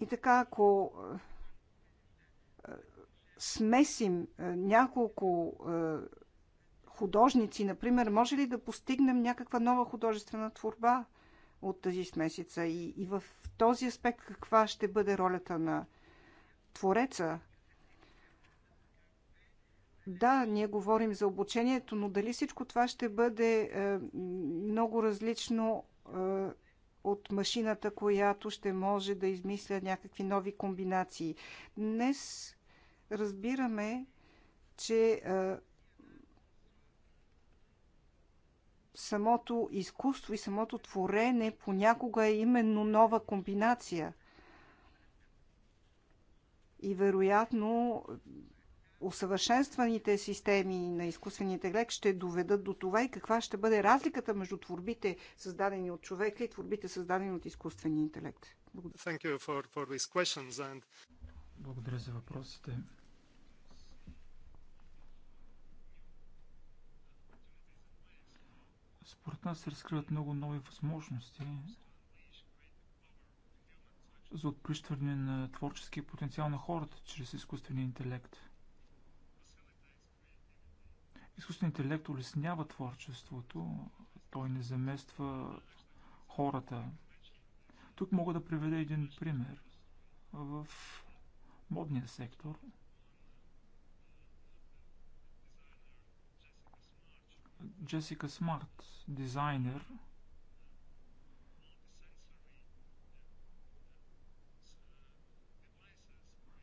така, ако е, смесим е, няколко е, художници, например, може ли да постигнем някаква нова художествена творба от тази смесица? И, и в този аспект каква ще бъде ролята на твореца? Да, ние говорим за обучението, но дали всичко това ще бъде е, много различно е, от машината, която ще може да измисля някакви нови комбинации. Днес разбираме, че самото изкуство и самото творене понякога е именно нова комбинация. И вероятно усъвършенстваните системи на изкуствения интелект ще доведат до това и каква ще бъде разликата между творбите, създадени от човека и творбите, създадени от изкуствения интелект? Благодаря. For, for and... Благодаря за въпросите. Според нас се разкриват много нови възможности за отприщване на творческия потенциал на хората чрез изкуствения интелект – Изкуственият интелект улеснява творчеството, той не замества хората. Тук мога да приведа един пример. В модния сектор Джесика Смарт, дизайнер,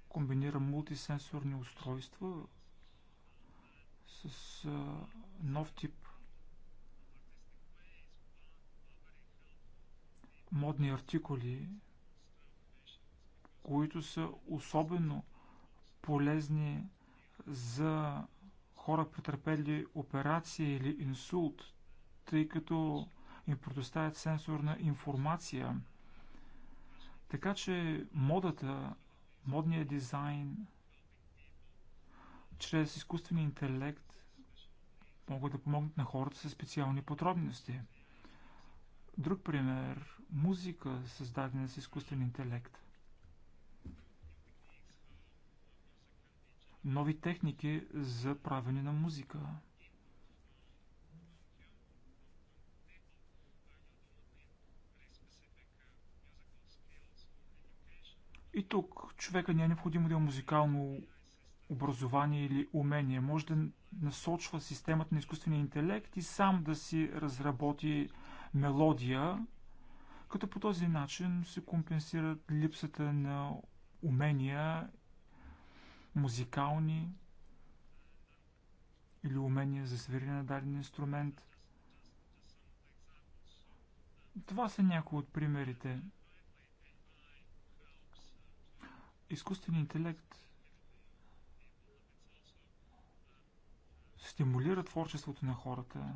комбинира мултисенсорни устройства, с а, нов тип модни артикули, които са особено полезни за хора претърпели операция или инсулт, тъй като им предоставят сенсорна информация. Така че модата, модният дизайн чрез изкуствения интелект могат да помогнат на хората със специални подробности. Друг пример – музика, създадена с изкуствен интелект. Нови техники за правене на музика. И тук човека не е необходимо да е музикално образование или умение. Може да насочва системата на изкуствения интелект и сам да си разработи мелодия, като по този начин се компенсират липсата на умения музикални или умения за свирене на даден инструмент. Това са някои от примерите. Изкуственият интелект стимулира творчеството на хората.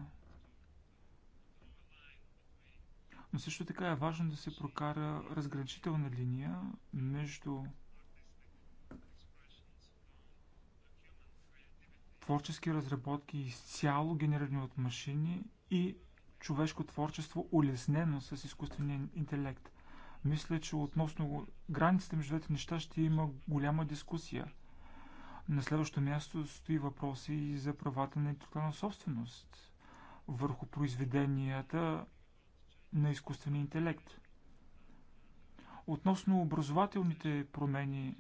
Но също така е важно да се прокара разграничителна линия между творчески разработки изцяло генерирани от машини и човешко творчество, улеснено с изкуствения интелект. Мисля, че относно границите между двете неща ще има голяма дискусия. На следващо място стои въпроси и за правата на интелектуална собственост върху произведенията на изкуствения интелект. Относно образователните промени,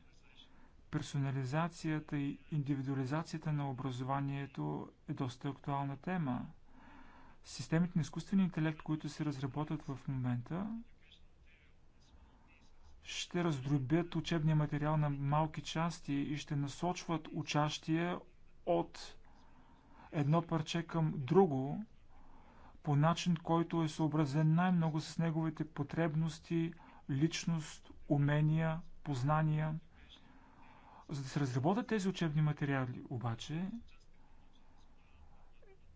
персонализацията и индивидуализацията на образованието е доста актуална тема. Системите на изкуствения интелект, които се разработват в момента, ще раздробят учебния материал на малки части и ще насочват учащия от едно парче към друго по начин, който е съобразен най-много с неговите потребности, личност, умения, познания. За да се разработят тези учебни материали обаче,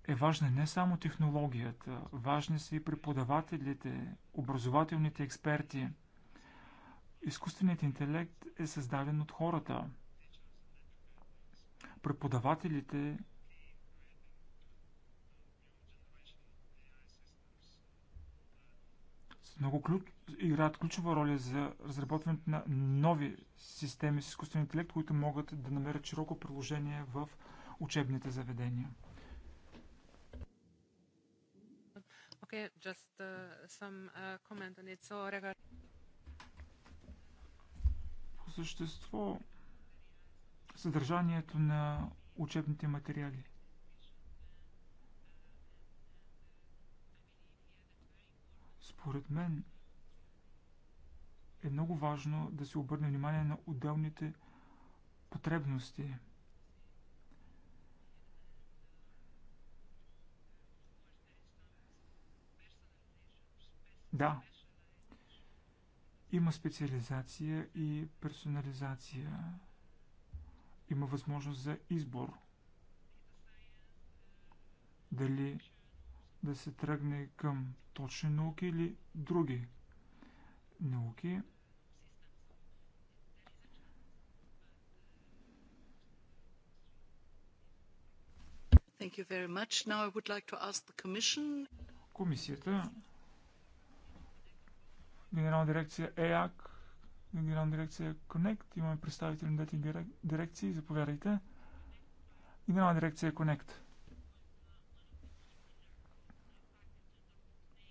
е важна не само технологията, важни са и преподавателите, образователните експерти – Изкуственият интелект е създаден от хората. Преподавателите много ключ... играят ключова роля за разработването на нови системи с изкуствен интелект, които могат да намерят широко приложение в учебните заведения. Okay, just, uh, some, uh, същество съдържанието на учебните материали. Според мен е много важно да се обърне внимание на отделните потребности. Да, има специализация и персонализация. Има възможност за избор. Дали да се тръгне към точни науки или други науки. Like Комисията Генерална дирекция ЕАК, Генерална дирекция Connect. Имаме представители на двете дирекции. Заповядайте. Генерална дирекция Connect.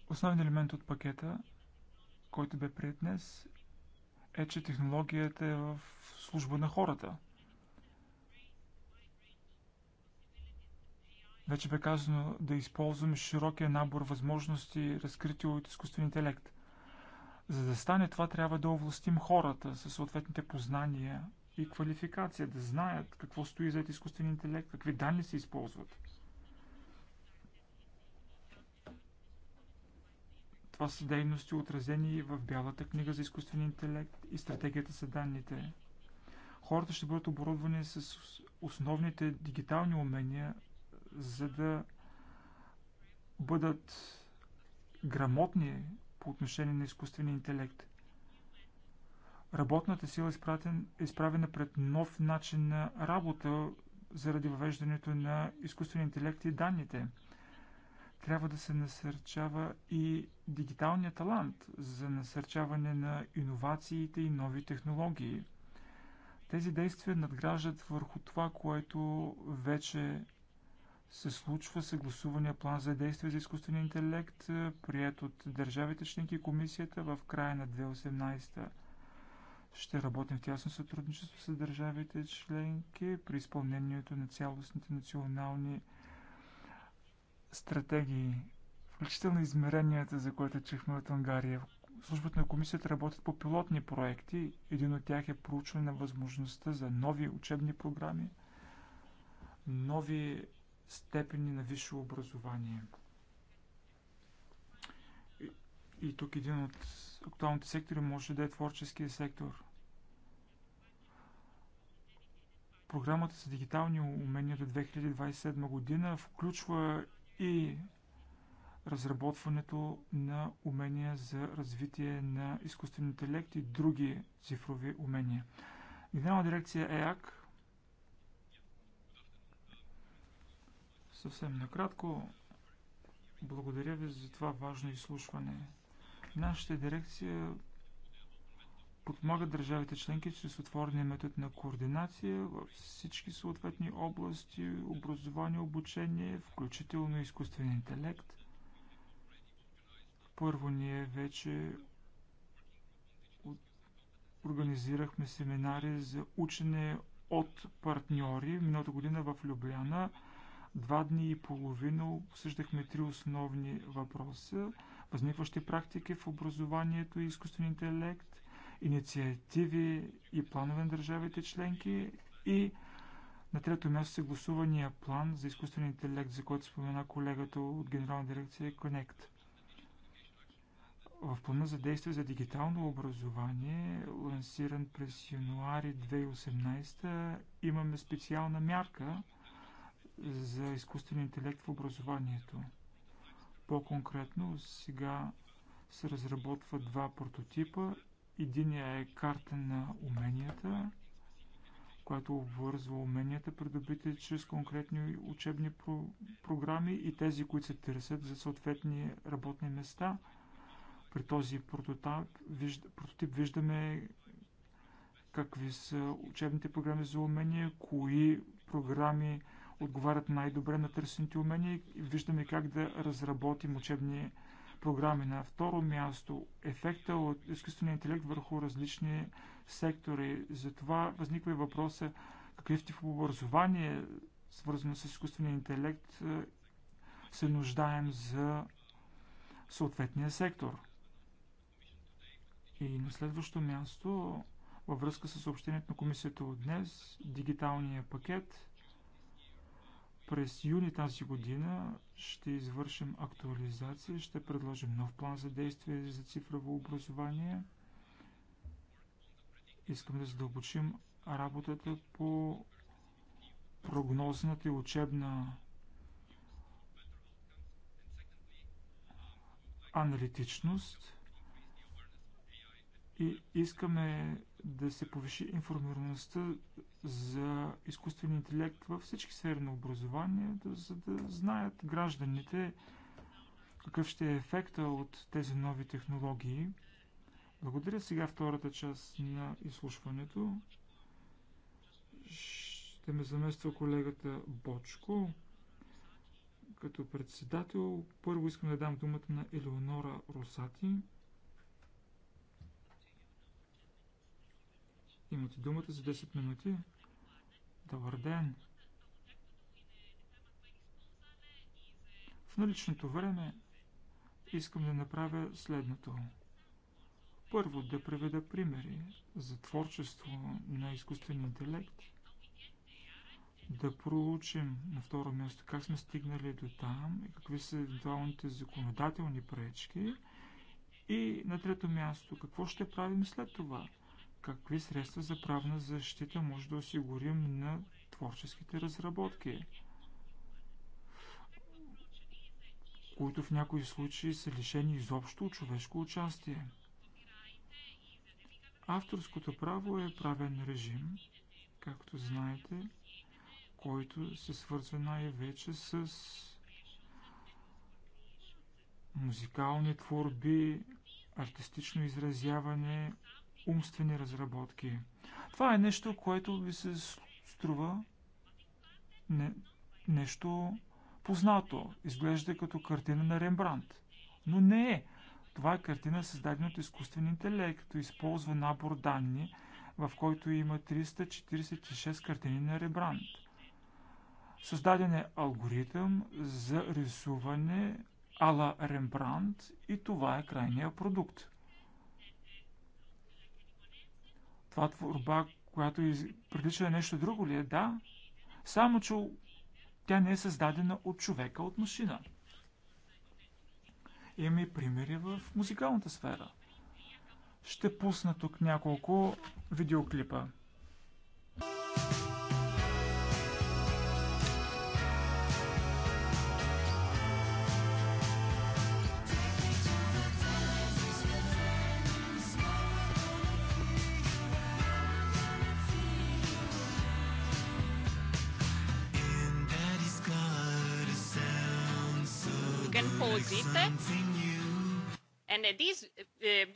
Основен елемент от пакета, който бе прият днес, е, че технологията е в служба на хората. Вече бе казано да използваме широкия набор възможности, разкрити от изкуствен интелект – за да стане това, трябва да овластим хората със съответните познания и квалификация, да знаят какво стои зад изкуствен интелект, какви данни се използват. Това са дейности отразени в Бялата книга за изкуствен интелект и стратегията за данните. Хората ще бъдат оборудвани с основните дигитални умения, за да бъдат грамотни по отношение на изкуствения интелект. Работната сила е изправена пред нов начин на работа заради въвеждането на изкуствения интелект и данните. Трябва да се насърчава и дигиталния талант за насърчаване на иновациите и нови технологии. Тези действия надграждат върху това, което вече се случва съгласувания план за действие за изкуствения интелект, е, прият от държавите членки и комисията в края на 2018. Ще работим в тясно сътрудничество с държавите членки при изпълнението на цялостните национални стратегии, включително измеренията, за които чехме от Унгария. Службата на комисията работят по пилотни проекти. Един от тях е проучване на възможността за нови учебни програми, нови степени на висше образование. И, и тук един от актуалните сектори може да е творческия сектор. Програмата за дигитални умения до 2027 година включва и разработването на умения за развитие на изкуствен интелект и други цифрови умения. Генерална дирекция ЕАК Съвсем накратко, благодаря ви за това важно изслушване. Нашата дирекция подпомага държавите членки чрез отворения метод на координация във всички съответни области, образование, обучение, включително изкуствен интелект. Първо ние вече организирахме семинари за учене от партньори миналата година в Любляна – Два дни и половина обсъждахме три основни въпроса – възникващи практики в образованието и изкуствен интелект, инициативи и планове на държавите членки и на трето място се гласувания план за изкуствен интелект, за който спомена колегата от Генерална дирекция Connect. В плана за действие за дигитално образование, лансиран през януари 2018, имаме специална мярка за изкуствен интелект в образованието. По-конкретно, сега се разработват два прототипа. Единия е карта на уменията, която обвързва уменията, придобити чрез конкретни учебни про програми и тези, които се търсят за съответни работни места. При този прототип, прототип виждаме какви са учебните програми за умения, кои програми отговарят най-добре на търсените умения и виждаме как да разработим учебни програми. На второ място, ефекта от изкуствения интелект върху различни сектори. Затова възниква и въпроса какъв тип образование, свързано с изкуствения интелект, се нуждаем за съответния сектор. И на следващо място, във връзка с съобщението на комисията от днес, дигиталния пакет, през юни тази година ще извършим актуализация, ще предложим нов план за действие за цифрово образование. Искам да задълбочим работата по прогнозната и учебна аналитичност и искаме да се повиши информираността за изкуствен интелект във всички сфери на образованието, за да знаят гражданите какъв ще е ефекта от тези нови технологии. Благодаря сега втората част на изслушването. Ще ме замества колегата Бочко. Като председател, първо искам да дам думата на Елеонора Росати. Имате думата за 10 минути. Добър ден! В наличното време искам да направя следното. Първо да преведа примери за творчество на изкуствен интелект, да проучим на второ място как сме стигнали до там и какви са евентуалните законодателни пречки и на трето място какво ще правим след това – какви средства за правна защита може да осигурим на творческите разработки, които в някои случаи са лишени изобщо от човешко участие. Авторското право е правен режим, както знаете, който се свързва най-вече с музикални творби, артистично изразяване, умствени разработки. Това е нещо, което ви се струва не, нещо познато. Изглежда като картина на Рембрандт. Но не е. Това е картина създадена от изкуствен интелект, като използва набор данни, в който има 346 картини на Рембрандт. Създаден е алгоритъм за рисуване ала Рембрандт и това е крайния продукт. Това творба, която прилича на нещо друго ли е? Да, само че тя не е създадена от човека, от машина. Има и примери в музикалната сфера. Ще пусна тук няколко видеоклипа.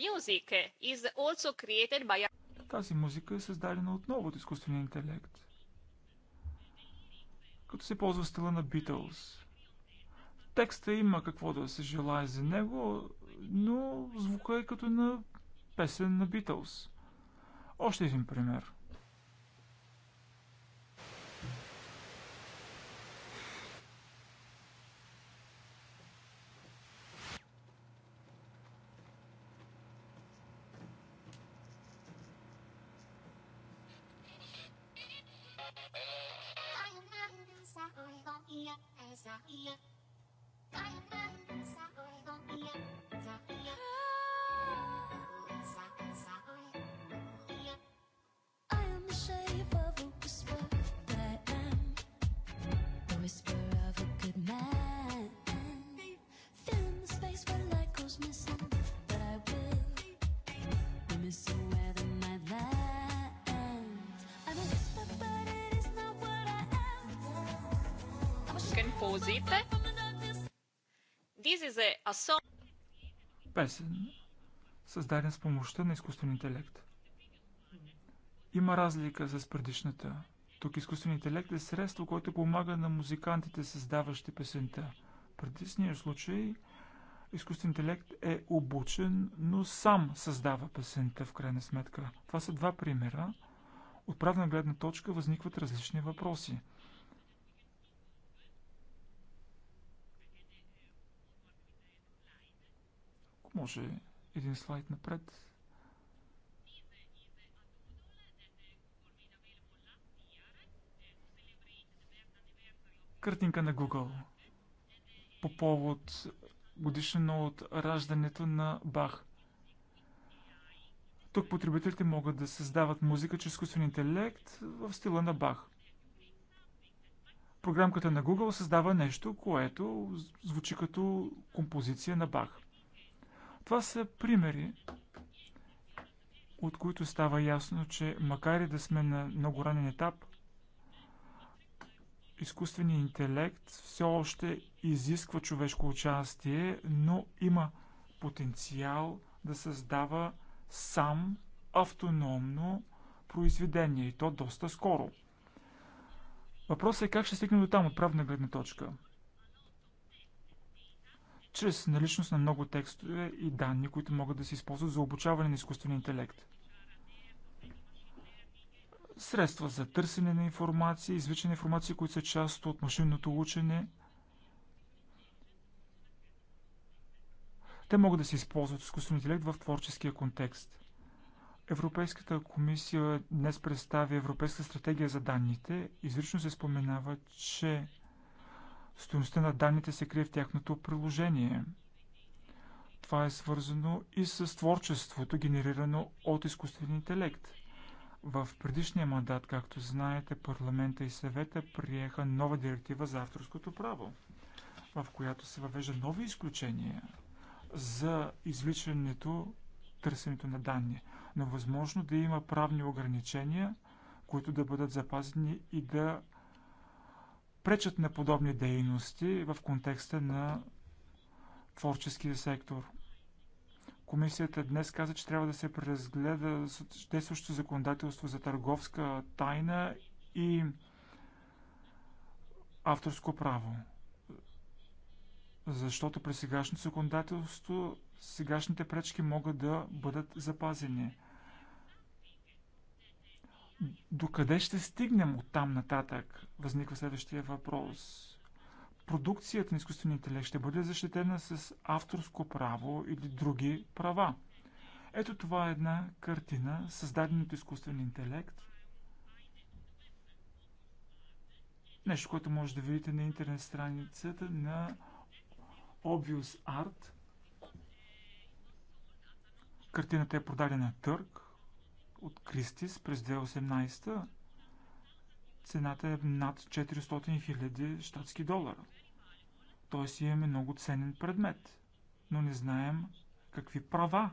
music is also created by... Тази музика е създадена отново от изкуствения интелект. Като се ползва стила на Beatles. Текста има какво да се желая за него, но звука е като на песен на Beatles. Още един пример – Песен, създаден с помощта на изкуствен интелект. Има разлика с предишната. Тук изкуствен интелект е средство, което помага на музикантите, създаващи песента. В предишния случай изкуствен интелект е обучен, но сам създава песента в крайна сметка. Това са два примера. От правна гледна точка възникват различни въпроси – може един слайд напред. Картинка на Google по повод годишно от раждането на Бах. Тук потребителите могат да създават музика чрез изкуствен интелект в стила на Бах. Програмката на Google създава нещо, което звучи като композиция на Бах. Това са примери, от които става ясно, че макар и да сме на много ранен етап, изкуственият интелект все още изисква човешко участие, но има потенциал да създава сам автономно произведение и то доста скоро. Въпросът е как ще стигнем до там от правна гледна точка – чрез наличност на много текстове и данни, които могат да се използват за обучаване на изкуствен интелект. Средства за търсене на информация, извличане информация, които са част от машинното учене. Те могат да се използват изкуствен интелект в творческия контекст. Европейската комисия днес представи Европейска стратегия за данните. Изрично се споменава, че Стоеността на данните се крие в тяхното приложение. Това е свързано и с творчеството, генерирано от изкуствен интелект. В предишния мандат, както знаете, парламента и съвета приеха нова директива за авторското право, в която се въвежда нови изключения за извличането, търсенето на данни. Но възможно да има правни ограничения, които да бъдат запазени и да пречат на подобни дейности в контекста на творческия сектор. Комисията днес каза, че трябва да се преразгледа действащото законодателство за търговска тайна и авторско право. Защото при сегашното законодателство сегашните пречки могат да бъдат запазени. Докъде ще стигнем от там нататък? Възниква следващия въпрос. Продукцията на изкуствения интелект ще бъде защитена с авторско право или други права. Ето това е една картина, създадена от изкуствен интелект. Нещо, което може да видите на интернет страницата на Obvious Art. Картината е продадена на търг от Кристис през 2018 цената е над 400 000 щатски долара. Тоест имаме много ценен предмет, но не знаем какви права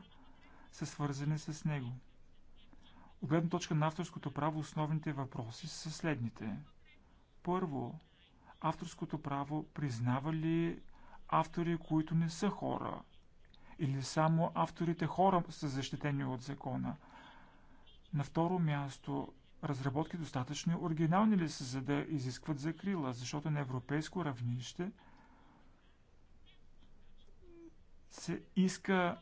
са свързани с него. От гледна точка на авторското право основните въпроси са следните. Първо, авторското право признава ли автори, които не са хора? Или само авторите хора са защитени от закона – на второ място, разработки достатъчно оригинални ли са, за да изискват закрила, защото на европейско равнище се иска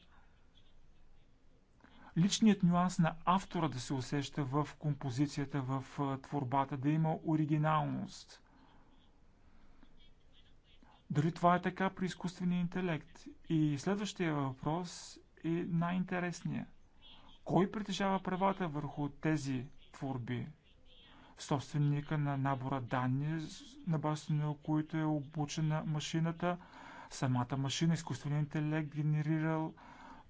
личният нюанс на автора да се усеща в композицията, в творбата, да има оригиналност. Дали това е така при изкуствения интелект? И следващия въпрос е най-интересният. Кой притежава правата върху тези творби? Собственика на набора данни, на базата на които е обучена машината, самата машина, изкуственият интелект, генерирал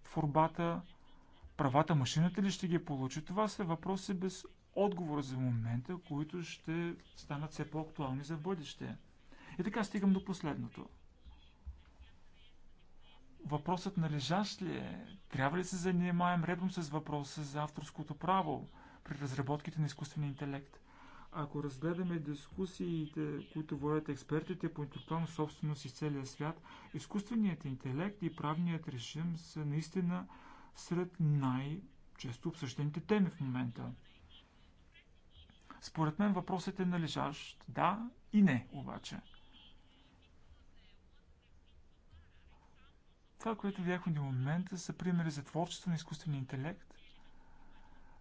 творбата, правата машината ли ще ги получи? Това са въпроси без отговор за момента, които ще станат все по-актуални за бъдеще. И така стигам до последното – Въпросът на лежащ ли е? Трябва ли се занимаем редом с въпроса за авторското право при разработките на изкуствения интелект? Ако разгледаме дискусиите, които водят експертите по интелектуална собственост из целия свят, изкуственият интелект и правният режим са наистина сред най-често обсъжданите теми в момента. Според мен въпросът е належащ да и не обаче – Това, което видяхме до момента, са примери за творчество на изкуствения интелект,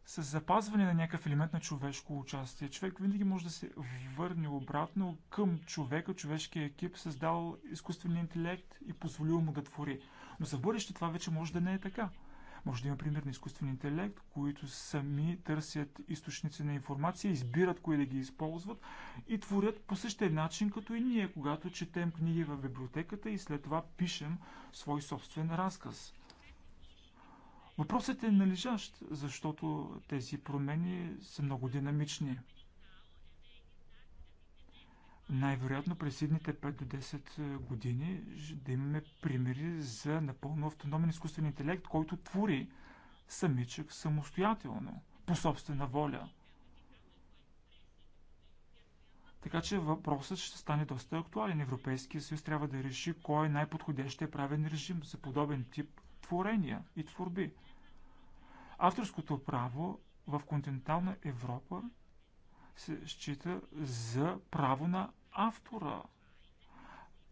с запазване на някакъв елемент на човешко участие. Човек винаги може да се върне обратно към човека, човешкия екип, създал изкуствения интелект и позволил му да твори. Но за бъдеще това вече може да не е така. Може да има пример на изкуствен интелект, които сами търсят източници на информация, избират кои да ги използват и творят по същия начин, като и ние, когато четем книги в библиотеката и след това пишем свой собствен разказ. Въпросът е належащ, защото тези промени са много динамични най-вероятно през следните 5 до 10 е, години да имаме примери за напълно автономен изкуствен интелект, който твори самичък самостоятелно, по собствена воля. Така че въпросът ще стане доста актуален. Европейския съюз трябва да реши кой е най-подходящия правен режим за подобен тип творения и творби. Авторското право в континентална Европа се счита за право на автора.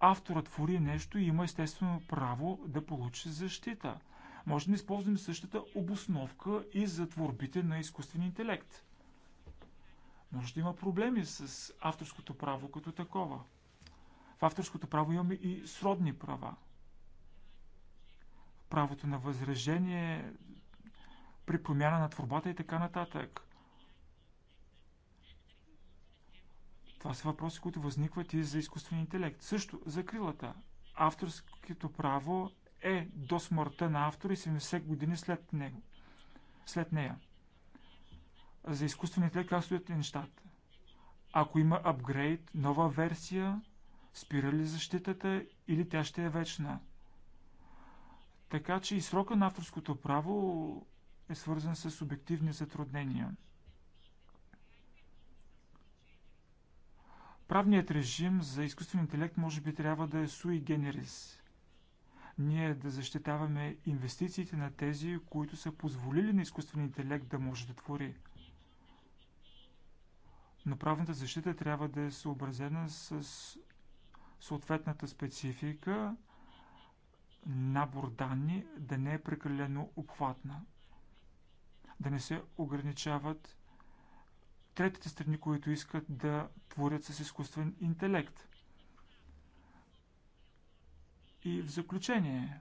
Авторът твори нещо и има естествено право да получи защита. Може да използваме същата обосновка и за творбите на изкуствен интелект. Може да има проблеми с авторското право като такова. В авторското право имаме и сродни права. Правото на възражение при промяна на творбата и така нататък. Това са въпроси, които възникват и за изкуствения интелект. Също за крилата. Авторското право е до смъртта на автора и 70 години след, него, след нея. За изкуствените интелект как стоят нещата? Ако има апгрейд, нова версия, спира ли защитата или тя ще е вечна? Така че и срока на авторското право е свързан с обективни затруднения – Правният режим за изкуствен интелект може би трябва да е sui generis. Ние да защитаваме инвестициите на тези, които са позволили на изкуствен интелект да може да твори. Но правната защита трябва да е съобразена с съответната специфика, набор данни, да не е прекалено обхватна, да не се ограничават третите страни, които искат да творят с изкуствен интелект. И в заключение,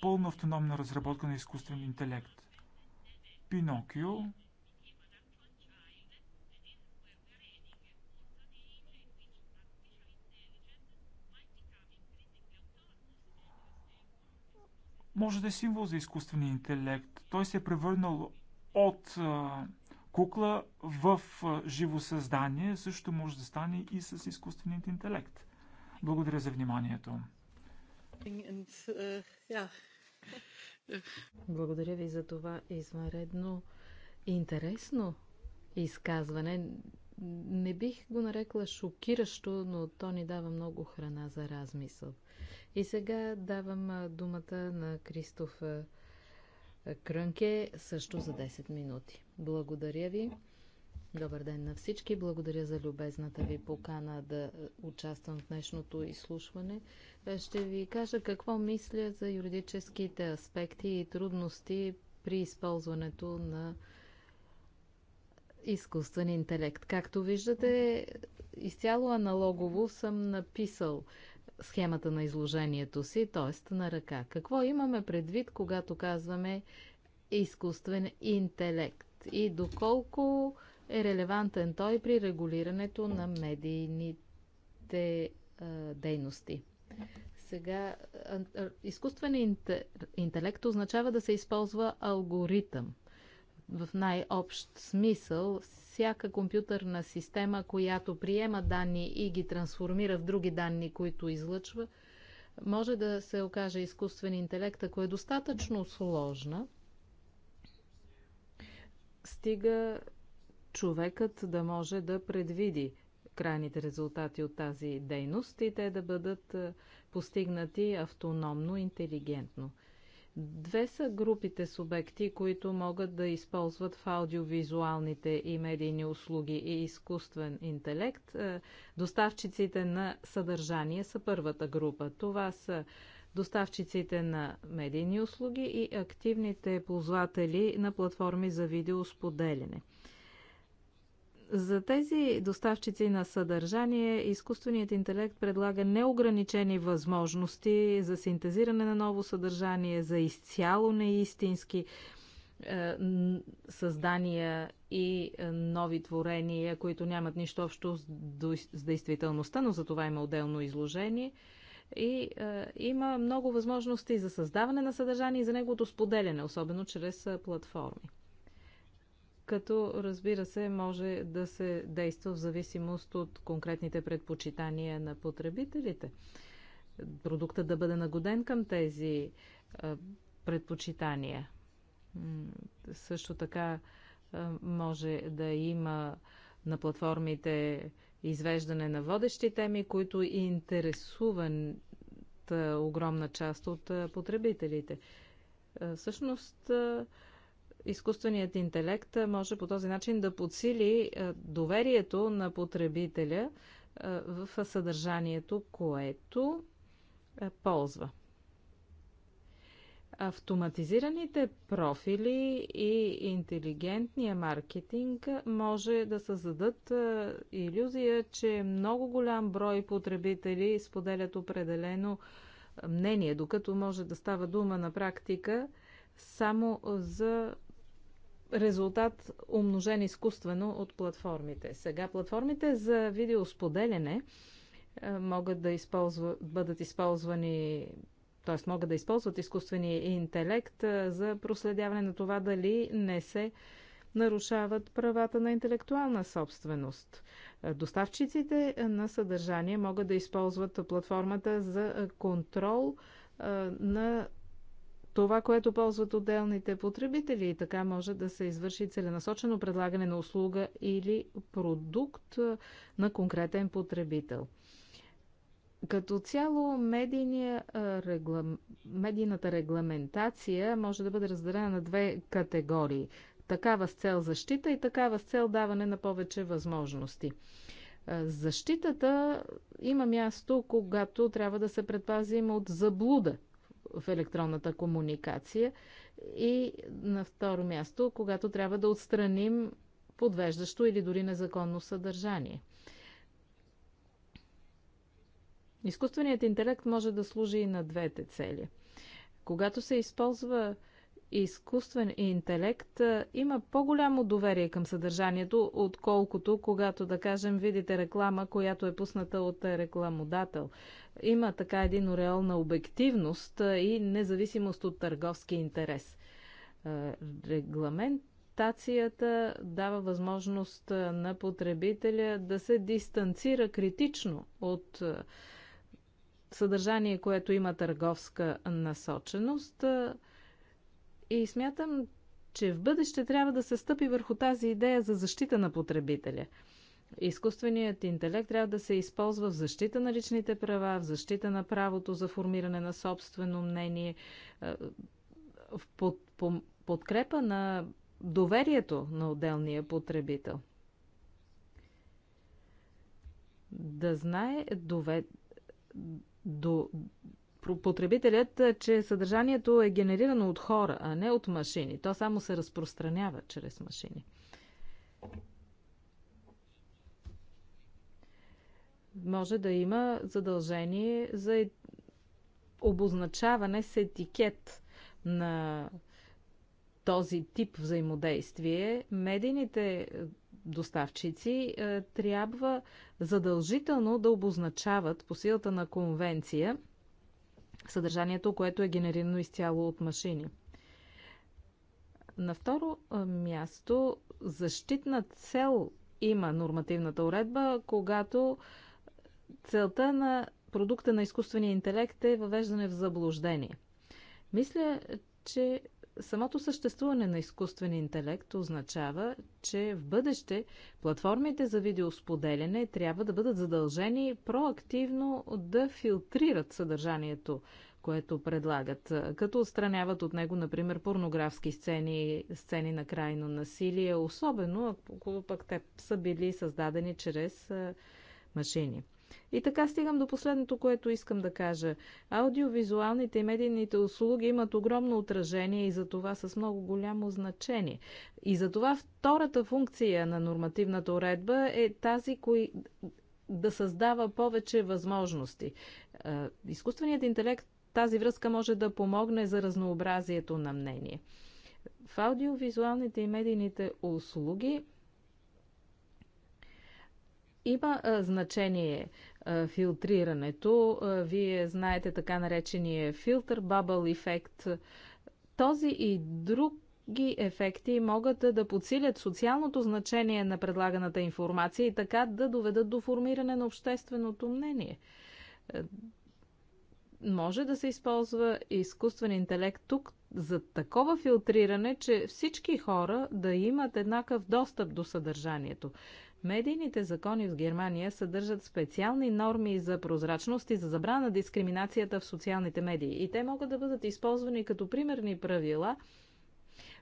пълна автономна разработка на изкуствен интелект. Пинокио може да е символ за изкуствения интелект. Той се е превърнал от а, кукла в живо създание също може да стане и с изкуственият интелект. Благодаря за вниманието. Благодаря ви за това извънредно интересно изказване. Не бих го нарекла шокиращо, но то ни дава много храна за размисъл. И сега давам думата на Кристоф Крънке също за 10 минути. Благодаря ви. Добър ден на всички. Благодаря за любезната ви покана да е, участвам в днешното изслушване. Е, ще ви кажа какво мисля за юридическите аспекти и трудности при използването на изкуствен интелект. Както виждате, изцяло аналогово съм написал схемата на изложението си, т.е. на ръка. Какво имаме предвид, когато казваме изкуствен интелект и доколко е релевантен той при регулирането на медийните а, дейности? Сега, изкуственият интелект означава да се използва алгоритъм – в най-общ смисъл всяка компютърна система, която приема данни и ги трансформира в други данни, които излъчва, може да се окаже изкуствен интелект, ако е достатъчно сложна, стига човекът да може да предвиди крайните резултати от тази дейност и те да бъдат постигнати автономно, интелигентно. Две са групите субекти, които могат да използват в аудиовизуалните и медийни услуги и изкуствен интелект. Е, доставчиците на съдържание са първата група. Това са доставчиците на медийни услуги и активните ползватели на платформи за видеосподеляне. За тези доставчици на съдържание, изкуственият интелект предлага неограничени възможности за синтезиране на ново съдържание, за изцяло неистински е, създания и е, нови творения, които нямат нищо общо с действителността, но за това има отделно изложение. И е, има много възможности за създаване на съдържание и за неговото споделяне, особено чрез е, платформи като разбира се може да се действа в зависимост от конкретните предпочитания на потребителите. Продукта да бъде нагоден към тези предпочитания. Също така може да има на платформите извеждане на водещи теми, които интересуват огромна част от потребителите. Всъщност, изкуственият интелект може по този начин да подсили е, доверието на потребителя е, в съдържанието, което е, ползва. Автоматизираните профили и интелигентния маркетинг може да създадат иллюзия, че много голям брой потребители споделят определено мнение, докато може да става дума на практика само за резултат умножен изкуствено от платформите. Сега платформите за видеосподеляне е, могат да използва, бъдат използвани т.е. могат да използват изкуствения интелект е, за проследяване на това дали не се нарушават правата на интелектуална собственост. Е, доставчиците на съдържание могат да използват платформата за контрол на това, което ползват отделните потребители и така може да се извърши целенасочено предлагане на услуга или продукт на конкретен потребител. Като цяло медийния, реглам... медийната регламентация може да бъде разделена на две категории. Такава с цел защита и такава с цел даване на повече възможности. Защитата има място, когато трябва да се предпазим от заблуда в електронната комуникация. И на второ място, когато трябва да отстраним подвеждащо или дори незаконно съдържание. Изкуственият интелект може да служи и на двете цели. Когато се използва изкуствен интелект има по-голямо доверие към съдържанието, отколкото когато, да кажем, видите реклама, която е пусната от рекламодател. Има така един ореол на обективност и независимост от търговски интерес. Регламент Тацията дава възможност на потребителя да се дистанцира критично от съдържание, което има търговска насоченост. И смятам, че в бъдеще трябва да се стъпи върху тази идея за защита на потребителя. Изкуственият интелект трябва да се използва в защита на личните права, в защита на правото за формиране на собствено мнение, в под, по, подкрепа на доверието на отделния потребител. Да знае дове, до, потребителят, е, че съдържанието е генерирано от хора, а не от машини. То само се разпространява чрез машини. Може да има задължение за обозначаване с етикет на този тип взаимодействие. Медийните доставчици е, трябва задължително да обозначават по силата на конвенция съдържанието, което е генерирано изцяло от машини. На второ място, защитна цел има нормативната уредба, когато целта на продукта на изкуствения интелект е въвеждане в заблуждение. Мисля, че самото съществуване на изкуствен интелект означава, че в бъдеще платформите за видеосподеляне трябва да бъдат задължени проактивно да филтрират съдържанието, което предлагат, като отстраняват от него, например, порнографски сцени, сцени на крайно насилие, особено ако пък те са били създадени чрез машини. И така стигам до последното, което искам да кажа. Аудиовизуалните и медийните услуги имат огромно отражение и за това с много голямо значение. И за това втората функция на нормативната уредба е тази, кои да създава повече възможности. Изкуственият интелект тази връзка може да помогне за разнообразието на мнение. В аудиовизуалните и медийните услуги има а, значение а, филтрирането. А, вие знаете така наречения филтър, бабъл ефект. Този и друг други ефекти могат да подсилят социалното значение на предлаганата информация и така да доведат до формиране на общественото мнение. Може да се използва изкуствен интелект тук за такова филтриране, че всички хора да имат еднакъв достъп до съдържанието. Медийните закони в Германия съдържат специални норми за прозрачност и за забрана на дискриминацията в социалните медии. И те могат да бъдат използвани като примерни правила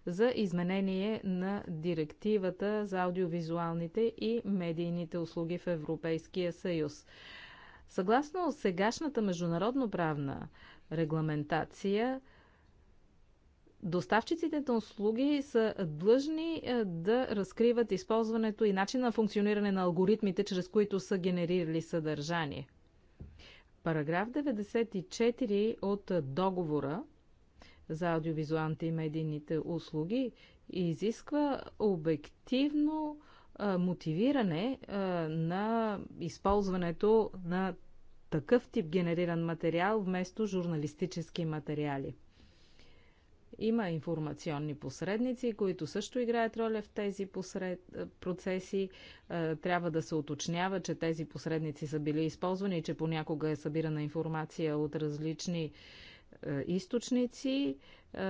за изменение на директивата за аудиовизуалните и медийните услуги в Европейския съюз. Съгласно сегашната международно правна регламентация, доставчиците на услуги са длъжни е, да разкриват използването и начин на функциониране на алгоритмите, чрез които са генерирали съдържание. Параграф 94 от договора за аудиовизуалните и медийните услуги изисква обективно е, мотивиране е, на използването на такъв тип генериран материал вместо журналистически материали. Има информационни посредници, които също играят роля в тези посред... процеси. Трябва да се уточнява, че тези посредници са били използвани и че понякога е събирана информация от различни източници,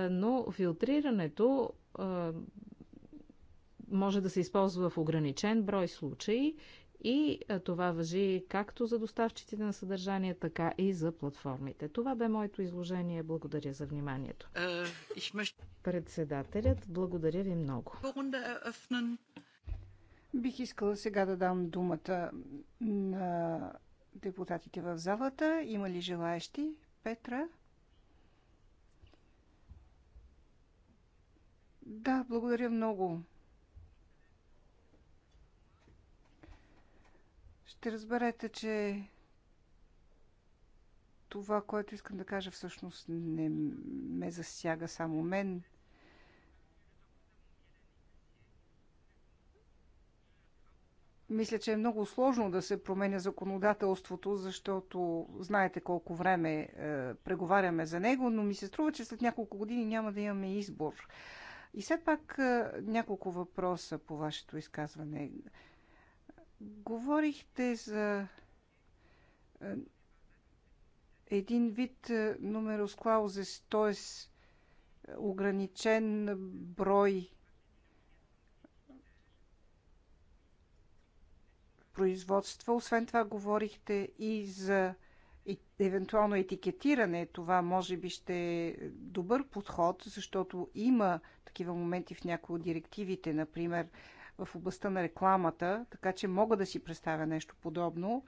но филтрирането може да се използва в ограничен брой случаи и това въжи както за доставчиците на съдържание, така и за платформите. Това бе моето изложение. Благодаря за вниманието. Е, Председателят, благодаря ви много. Бих искала сега да дам думата на депутатите в залата. Има ли желаящи? Петра? Да, благодаря много. ще разберете, че това, което искам да кажа, всъщност не ме засяга само мен. Мисля, че е много сложно да се променя законодателството, защото знаете колко време е, преговаряме за него, но ми се струва, че след няколко години няма да имаме избор. И все пак е, няколко въпроса по вашето изказване. Говорихте за е, един вид numerus е, т.е. ограничен брой производства. Освен това говорихте и за евентуално етикетиране. Това може би ще е добър подход, защото има такива моменти в някои от директивите, например в областта на рекламата, така че мога да си представя нещо подобно,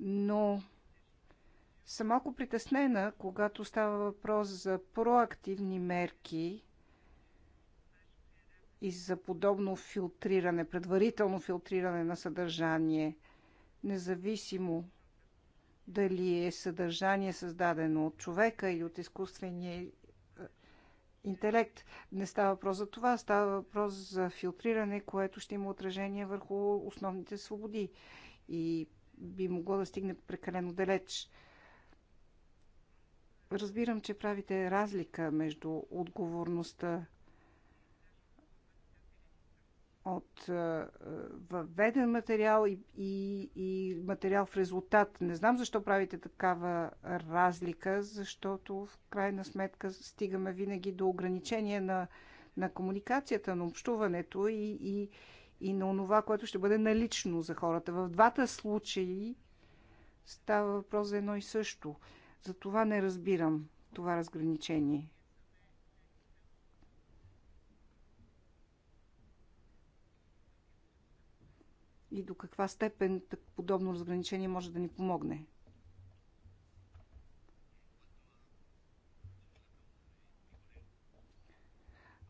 но съм малко притеснена, когато става въпрос за проактивни мерки и за подобно филтриране, предварително филтриране на съдържание, независимо дали е съдържание създадено от човека или от изкуствения интелект. Не става въпрос за това, става въпрос за филтриране, което ще има отражение върху основните свободи и би могло да стигне прекалено далеч. Разбирам, че правите разлика между отговорността от е, е, въведен материал и, и, и материал в резултат. Не знам защо правите такава разлика, защото в крайна сметка стигаме винаги до ограничения на, на комуникацията, на общуването и, и, и на онова, което ще бъде налично за хората. В двата случаи става въпрос за едно и също. Затова не разбирам това разграничение. и до каква степен подобно разграничение може да ни помогне.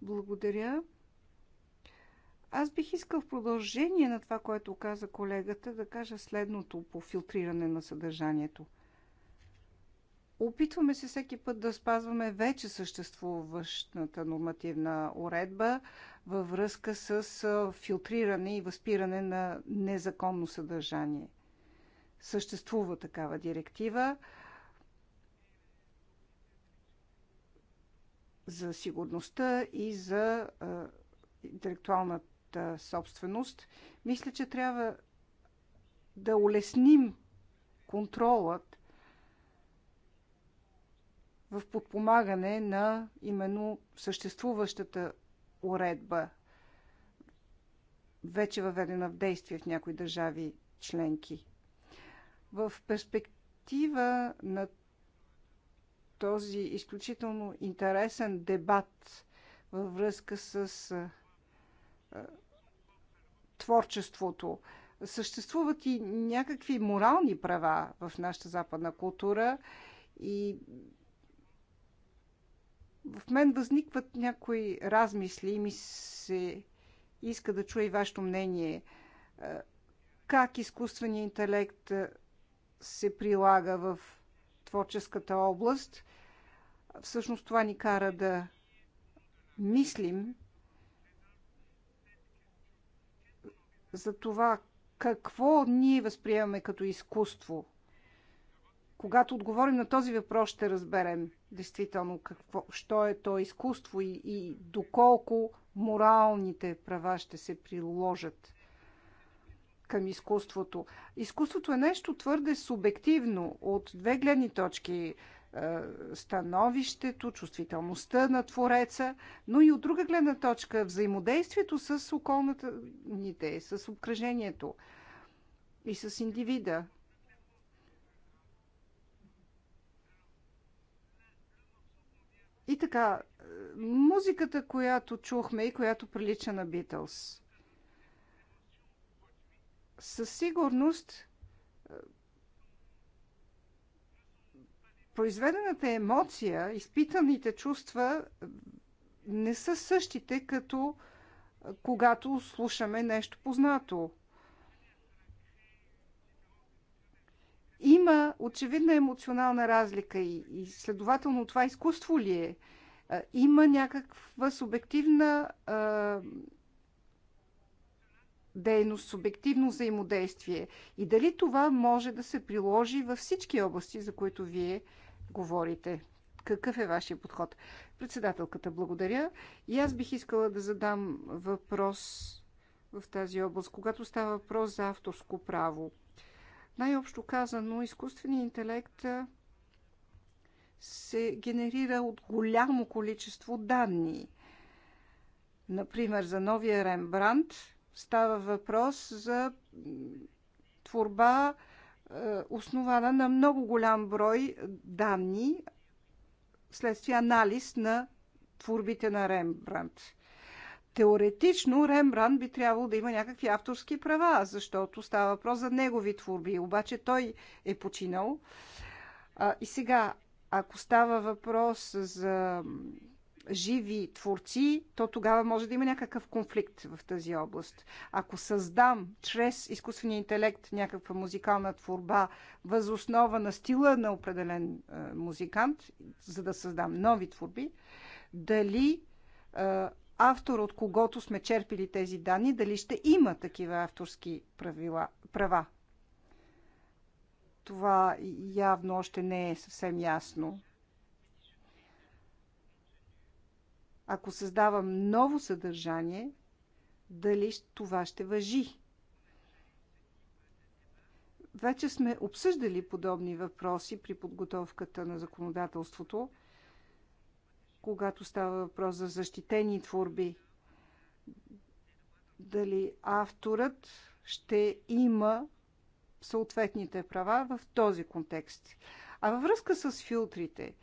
Благодаря. Аз бих искал в продължение на това, което каза колегата, да кажа следното по филтриране на съдържанието. Опитваме се всеки път да спазваме вече съществуващата нормативна уредба, във връзка с филтриране и възпиране на незаконно съдържание. Съществува такава директива за сигурността и за интелектуалната собственост. Мисля, че трябва да улесним контролът в подпомагане на именно съществуващата уредба, вече въведена в действие в някои държави членки. В перспектива на този изключително интересен дебат във връзка с творчеството, съществуват и някакви морални права в нашата западна култура и в мен възникват някои размисли и ми се иска да чуя и вашето мнение. Е, как изкуственият интелект е, се прилага в творческата област? Всъщност това ни кара да мислим за това какво ние възприемаме като изкуство. Когато отговорим на този въпрос, ще разберем действително какво, що е то изкуство и, и доколко моралните права ще се приложат към изкуството. Изкуството е нещо твърде субективно от две гледни точки е, становището, чувствителността на Твореца, но и от друга гледна точка взаимодействието с околната ните, с обкръжението и с индивида. така, музиката, която чухме и която прилича на Битълс, със сигурност е, произведената емоция, изпитаните чувства е, не са същите, като е, когато слушаме нещо познато. Има очевидна емоционална разлика и, и следователно това изкуство ли е? Има някаква субективна а, дейност, субективно взаимодействие. И дали това може да се приложи във всички области, за които вие говорите? Какъв е вашия подход? Председателката, благодаря. И аз бих искала да задам въпрос в тази област. Когато става въпрос за авторско право, най-общо казано, изкуственият интелект се генерира от голямо количество данни. Например, за новия Рембрандт става въпрос за творба, основана на много голям брой данни, следствие анализ на творбите на Рембрандт теоретично Рембран би трябвало да има някакви авторски права, защото става въпрос за негови творби. Обаче той е починал. А, и сега, ако става въпрос за живи творци, то тогава може да има някакъв конфликт в тази област. Ако създам чрез изкуствения интелект някаква музикална творба, възоснова на стила на определен музикант, за да създам нови творби, дали автор, от когото сме черпили тези данни, дали ще има такива авторски правила, права. Това явно още не е съвсем ясно. Ако създавам ново съдържание, дали това ще въжи? Вече сме обсъждали подобни въпроси при подготовката на законодателството – когато става въпрос за защитени творби. Дали авторът ще има съответните права в този контекст. А във връзка с филтрите,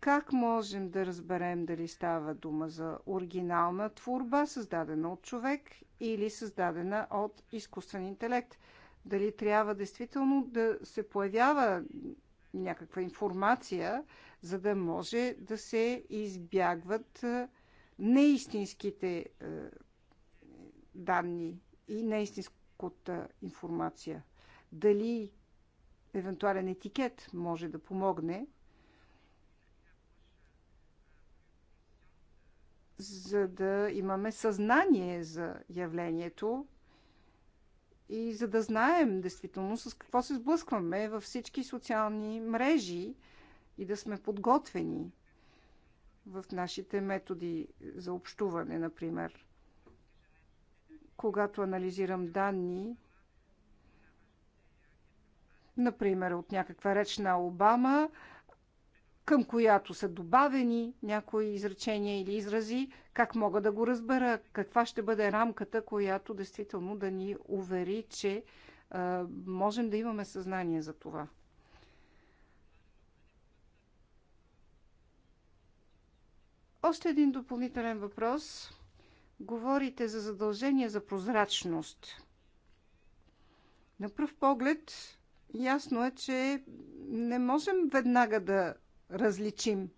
как можем да разберем дали става дума за оригинална творба, създадена от човек или създадена от изкуствен интелект? Дали трябва действително да се появява някаква информация, за да може да се избягват неистинските данни и неистинската информация. Дали евентуален етикет може да помогне, за да имаме съзнание за явлението и за да знаем действително с какво се сблъскваме във всички социални мрежи и да сме подготвени в нашите методи за общуване, например. Когато анализирам данни, например от някаква реч на Обама, към която са добавени някои изречения или изрази, как мога да го разбера, каква ще бъде рамката, която действително да ни увери, че а, можем да имаме съзнание за това. Още един допълнителен въпрос. Говорите за задължение за прозрачност. На пръв поглед ясно е, че не можем веднага да различим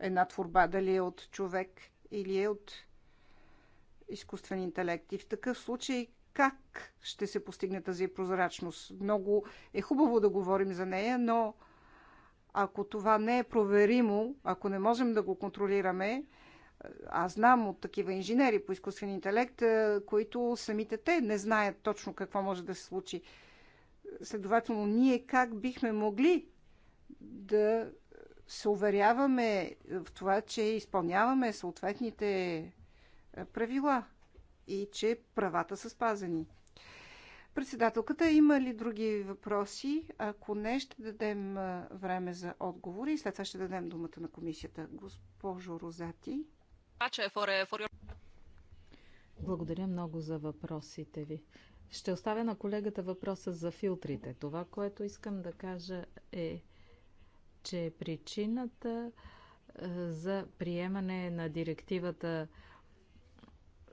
една творба, дали е от човек или е от изкуствен интелект. И в такъв случай как ще се постигне тази прозрачност? Много е хубаво да говорим за нея, но ако това не е проверимо, ако не можем да го контролираме, аз знам от такива инженери по изкуствен интелект, е, които самите те не знаят точно какво може да се случи. Следователно, ние как бихме могли да се уверяваме в това, че изпълняваме съответните е, правила и че правата са спазени. Председателката, има ли други въпроси? Ако не, ще дадем е, време за отговори и след това ще дадем думата на комисията. Госпожо Розати. Благодаря много за въпросите ви. Ще оставя на колегата въпроса за филтрите. Това, което искам да кажа е, че причината е, за приемане на директивата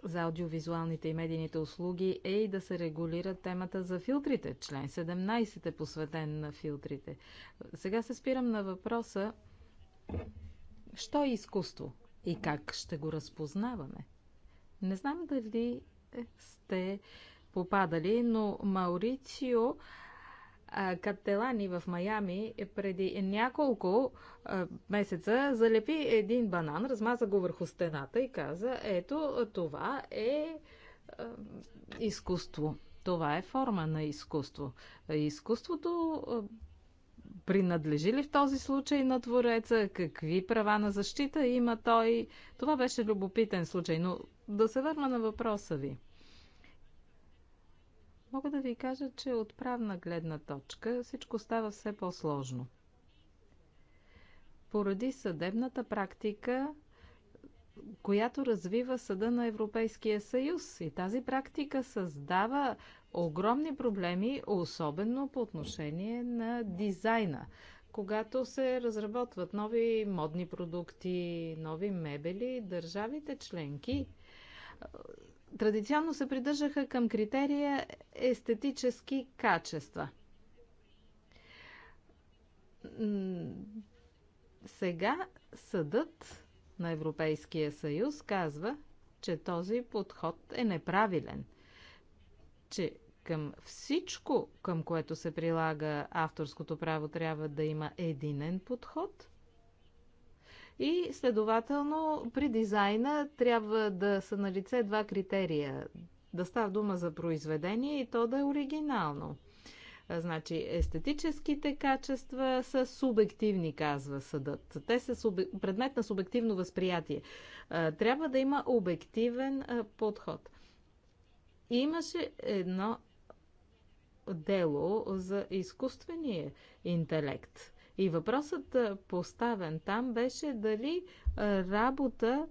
за аудиовизуалните и медийните услуги е и да се регулира темата за филтрите. Член 17 е посветен на филтрите. Сега се спирам на въпроса що е изкуство и как ще го разпознаваме. Не знам дали сте попадали, но Маурицио Кателани в Майами е преди няколко месеца залепи един банан, размаза го върху стената и каза, ето това е изкуство. Това е форма на изкуство. Изкуството принадлежи ли в този случай на Твореца? Какви права на защита има той? Това беше любопитен случай, но да се върна на въпроса ви – Мога да ви кажа, че от правна гледна точка всичко става все по-сложно. Поради съдебната практика, която развива Съда на Европейския съюз. И тази практика създава огромни проблеми, особено по отношение на дизайна. Когато се разработват нови модни продукти, нови мебели, държавите членки традиционно се придържаха към критерия естетически качества. Сега съдът на Европейския съюз казва, че този подход е неправилен, че към всичко, към което се прилага авторското право, трябва да има единен подход – и следователно при дизайна трябва да са на лице два критерия. Да става дума за произведение и то да е оригинално. Значи, естетическите качества са субективни, казва съдът. Те са предмет на субективно възприятие. Трябва да има обективен подход. Имаше едно дело за изкуствения интелект. И въпросът поставен там беше дали работа,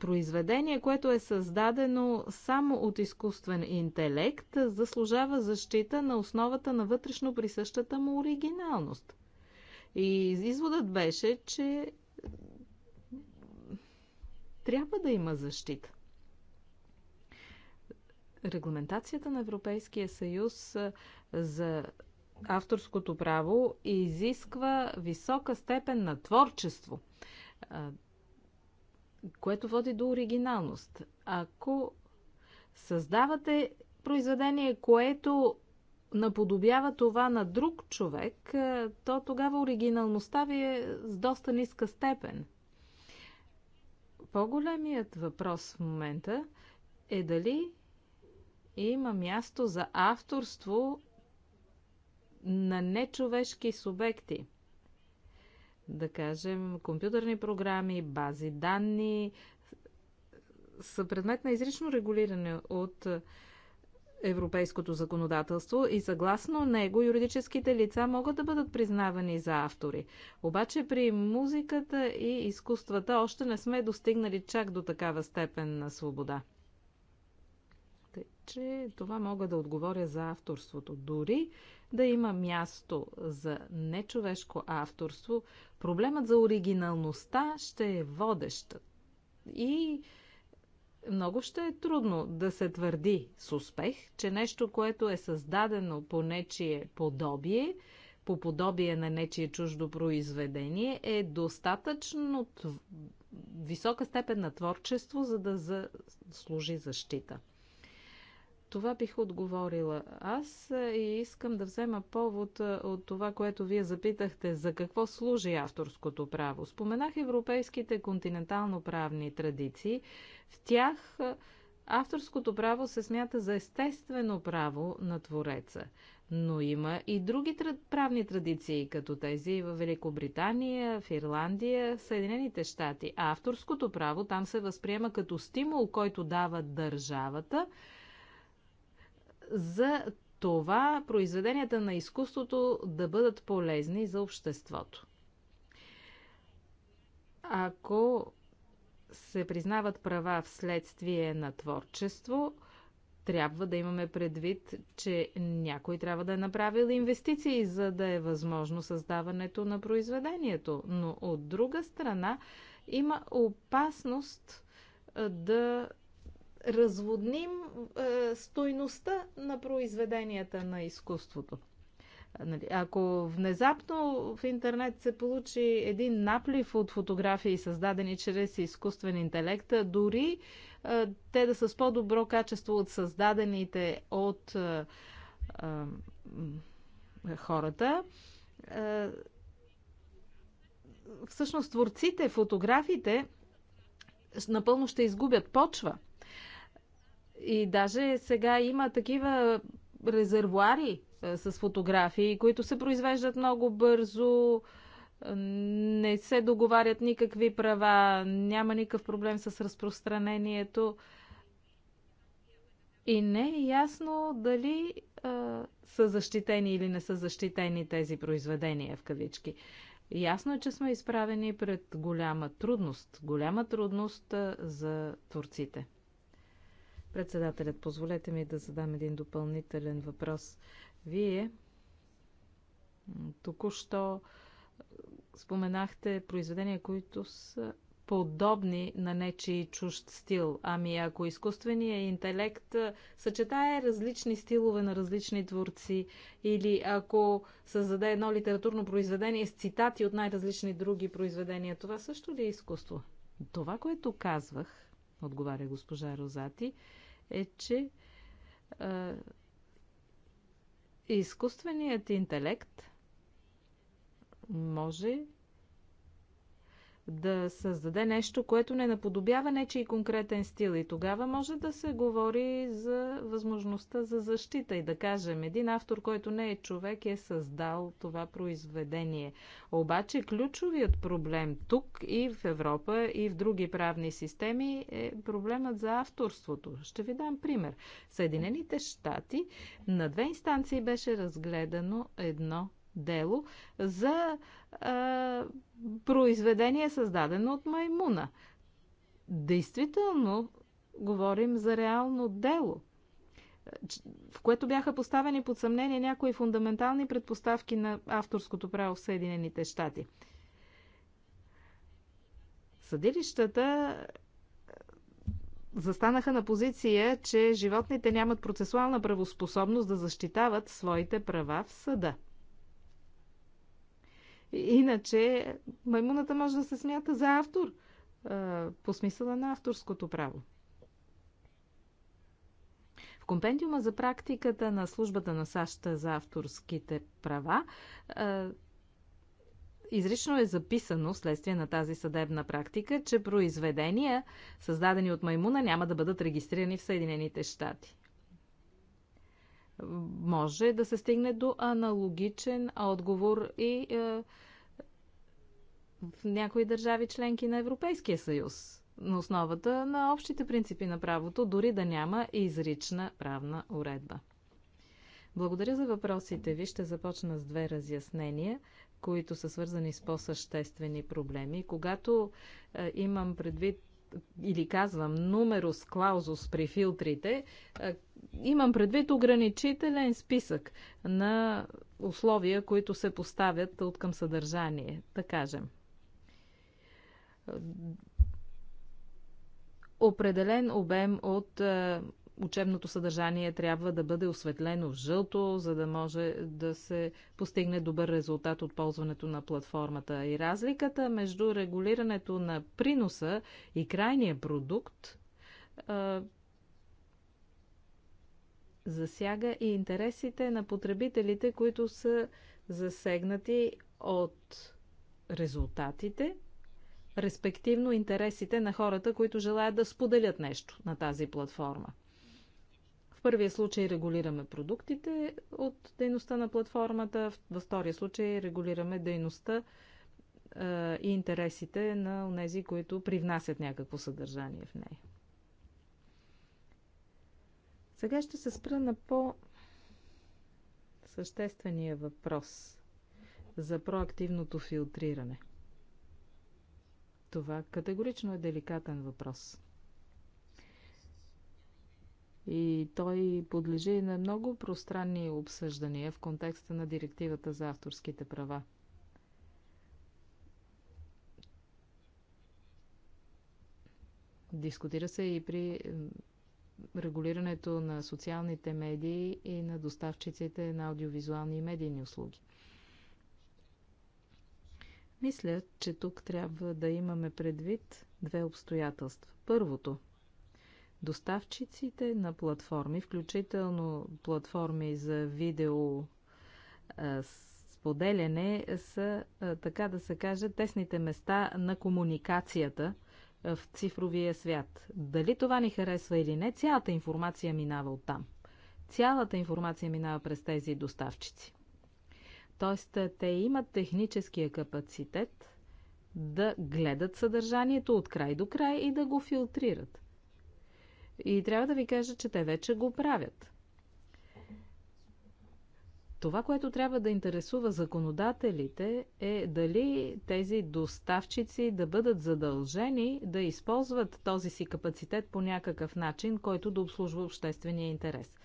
произведение, което е създадено само от изкуствен интелект, заслужава защита на основата на вътрешно присъщата му оригиналност. И изводът беше, че трябва да има защита. Регламентацията на Европейския съюз за авторското право изисква висока степен на творчество, което води до оригиналност. Ако създавате произведение, което наподобява това на друг човек, то тогава оригиналността ви е с доста ниска степен. По-големият въпрос в момента е дали има място за авторство на нечовешки субекти. Да кажем, компютърни програми, бази данни са предмет на изрично регулиране от европейското законодателство и съгласно него юридическите лица могат да бъдат признавани за автори. Обаче при музиката и изкуствата още не сме достигнали чак до такава степен на свобода че това мога да отговоря за авторството. Дори да има място за нечовешко авторство, проблемът за оригиналността ще е водещ. И много ще е трудно да се твърди с успех, че нещо, което е създадено по нечие подобие, по подобие на нечие чуждо произведение, е достатъчно висока степен на творчество, за да заслужи защита. Това бих отговорила аз и искам да взема повод от това, което вие запитахте за какво служи авторското право. Споменах европейските континентално-правни традиции. В тях авторското право се смята за естествено право на Твореца. Но има и други правни традиции, като тези в Великобритания, в Ирландия, в Съединените щати. авторското право там се възприема като стимул, който дава държавата – за това произведенията на изкуството да бъдат полезни за обществото. Ако се признават права вследствие на творчество, трябва да имаме предвид, че някой трябва да е направил инвестиции, за да е възможно създаването на произведението. Но от друга страна има опасност да разводним е, стойността на произведенията на изкуството. Нали, ако внезапно в интернет се получи един наплив от фотографии, създадени чрез изкуствен интелект, дори е, те да са с по-добро качество от създадените от е, е, хората, е, всъщност творците, фотографите напълно ще изгубят почва – и даже сега има такива резервуари с фотографии, които се произвеждат много бързо, не се договарят никакви права, няма никакъв проблем с разпространението. И не е ясно дали а, са защитени или не са защитени тези произведения в кавички. Ясно е, че сме изправени пред голяма трудност. Голяма трудност а, за творците. Председателят, позволете ми да задам един допълнителен въпрос. Вие току-що споменахте произведения, които са подобни на нечи чужд стил. Ами ако изкуственият интелект съчетае различни стилове на различни творци или ако създаде едно литературно произведение с цитати от най-различни други произведения, това също ли е изкуство? Това, което казвах, отговаря госпожа Розати, е, че а, изкуственият интелект може да създаде нещо, което не наподобява и конкретен стил. И тогава може да се говори за възможността за защита и да кажем, един автор, който не е човек, е създал това произведение. Обаче ключовият проблем тук и в Европа и в други правни системи е проблемът за авторството. Ще ви дам пример. Съединените щати на две инстанции беше разгледано едно дело за а, произведение, създадено от маймуна. Действително, говорим за реално дело, в което бяха поставени под съмнение някои фундаментални предпоставки на авторското право в Съединените щати. Съдилищата застанаха на позиция, че животните нямат процесуална правоспособност да защитават своите права в съда – Иначе маймуната може да се смята за автор по смисъла на авторското право. В компендиума за практиката на службата на САЩ за авторските права изрично е записано, следствие на тази съдебна практика, че произведения, създадени от маймуна, няма да бъдат регистрирани в Съединените щати може да се стигне до аналогичен отговор и е, в някои държави членки на Европейския съюз на основата на общите принципи на правото, дори да няма изрична правна уредба. Благодаря за въпросите ви. Ще започна с две разяснения, които са свързани с по-съществени проблеми. Когато е, имам предвид или казвам Numerus клаузус при филтрите, е, имам предвид ограничителен списък на условия, които се поставят от към съдържание, да кажем. Определен обем от е, учебното съдържание трябва да бъде осветлено в жълто, за да може да се постигне добър резултат от ползването на платформата. И разликата между регулирането на приноса и крайния продукт а, засяга и интересите на потребителите, които са засегнати от резултатите респективно интересите на хората, които желаят да споделят нещо на тази платформа. В първия случай регулираме продуктите от дейността на платформата, във втория случай регулираме дейността е, и интересите на тези, които привнасят някакво съдържание в нея. Сега ще се спра на по съществения въпрос за проактивното филтриране. Това категорично е деликатен въпрос – и той подлежи на много пространни обсъждания в контекста на директивата за авторските права. Дискутира се и при регулирането на социалните медии и на доставчиците на аудиовизуални и медийни услуги. Мисля, че тук трябва да имаме предвид две обстоятелства. Първото – доставчиците на платформи, включително платформи за видео споделяне, са, така да се каже, тесните места на комуникацията в цифровия свят. Дали това ни харесва или не, цялата информация минава от там. Цялата информация минава през тези доставчици. Тоест, те имат техническия капацитет да гледат съдържанието от край до край и да го филтрират. И трябва да ви кажа, че те вече го правят. Това, което трябва да интересува законодателите е дали тези доставчици да бъдат задължени да използват този си капацитет по някакъв начин, който да обслужва обществения интерес.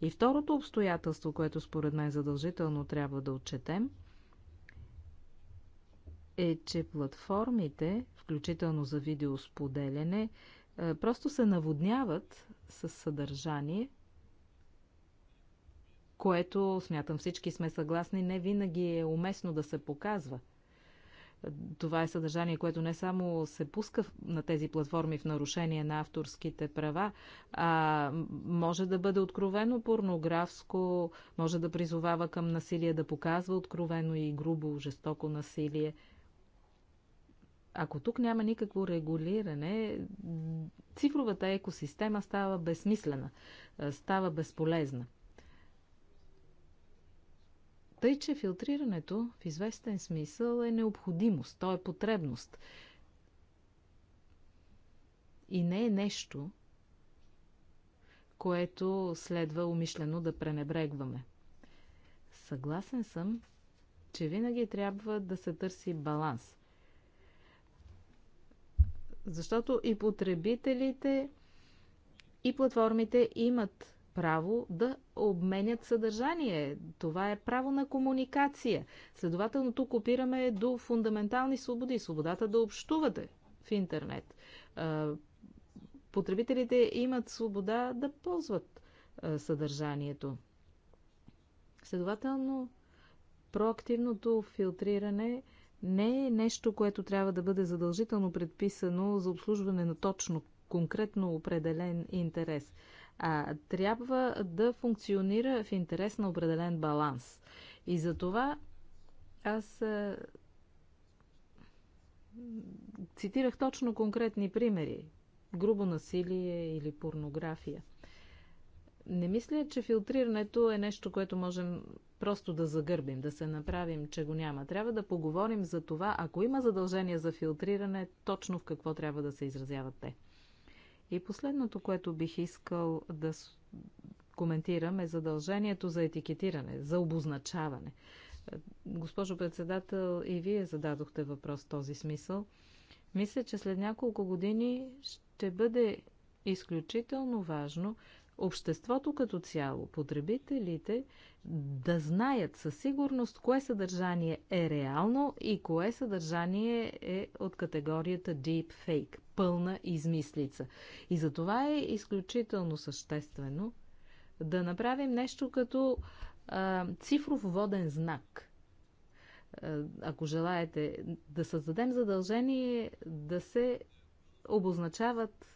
И второто обстоятелство, което според мен задължително трябва да отчетем, е, че платформите, включително за видеосподеляне, е, просто се наводняват с съдържание, което, смятам, всички сме съгласни, не винаги е уместно да се показва. Е, това е съдържание, което не само се пуска на тези платформи в нарушение на авторските права, а може да бъде откровено порнографско, може да призовава към насилие, да показва откровено и грубо, жестоко насилие – ако тук няма никакво регулиране, цифровата екосистема става безсмислена, става безполезна. Тъй, че филтрирането в известен смисъл е необходимост, то е потребност. И не е нещо, което следва умишлено да пренебрегваме. Съгласен съм, че винаги трябва да се търси баланс защото и потребителите, и платформите имат право да обменят съдържание. Това е право на комуникация. Следователно тук опираме до фундаментални свободи. Свободата да общувате в интернет. Потребителите имат свобода да ползват съдържанието. Следователно, проактивното филтриране не е нещо, което трябва да бъде задължително предписано за обслужване на точно, конкретно определен интерес, а трябва да функционира в интерес на определен баланс. И за това аз цитирах точно конкретни примери. Грубо насилие или порнография. Не мисля, че филтрирането е нещо, което можем просто да загърбим, да се направим, че го няма. Трябва да поговорим за това, ако има задължение за филтриране, точно в какво трябва да се изразяват те. И последното, което бих искал да коментирам е задължението за етикетиране, за обозначаване. Госпожо председател, и вие зададохте въпрос в този смисъл. Мисля, че след няколко години ще бъде изключително важно обществото като цяло, потребителите да знаят със сигурност кое съдържание е реално и кое съдържание е от категорията deep fake, пълна измислица. И за това е изключително съществено да направим нещо като а, цифров воден знак. Ако желаете да създадем задължение да се обозначават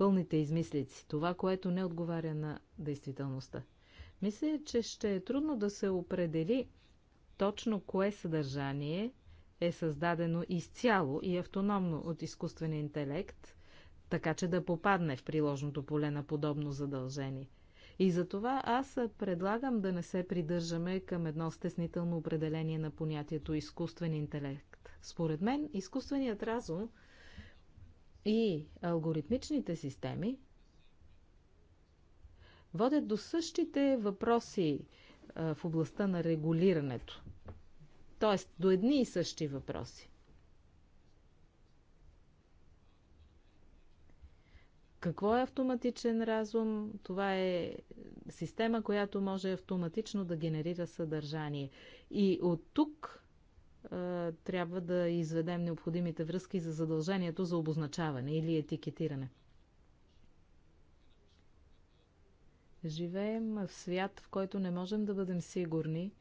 пълните измислици, това, което не отговаря на действителността. Мисля, че ще е трудно да се определи точно кое съдържание е създадено изцяло и автономно от изкуствения интелект, така че да попадне в приложното поле на подобно задължение. И за това аз предлагам да не се придържаме към едно стеснително определение на понятието изкуствен интелект. Според мен, изкуственият разум – и алгоритмичните системи водят до същите въпроси в областта на регулирането. Тоест, до едни и същи въпроси. Какво е автоматичен разум? Това е система, която може автоматично да генерира съдържание. И от тук е, трябва да изведем необходимите връзки за задължението за обозначаване или етикетиране. Живеем в свят, в който не можем да бъдем сигурни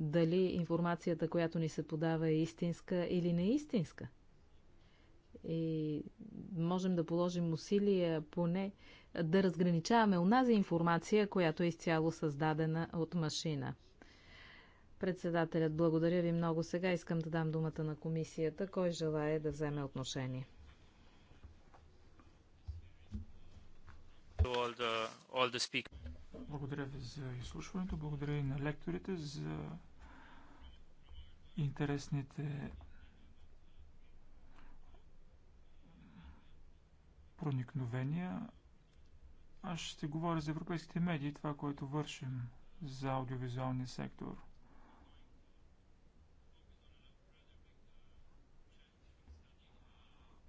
дали информацията, която ни се подава е истинска или неистинска. И можем да положим усилия поне да разграничаваме унази информация, която е изцяло създадена от машина – Председателят, благодаря ви много. Сега искам да дам думата на комисията. Кой желая да вземе отношение? Благодаря ви за изслушването. Благодаря и на лекторите за интересните проникновения. Аз ще говоря за европейските медии, това, което вършим за аудиовизуалния сектор –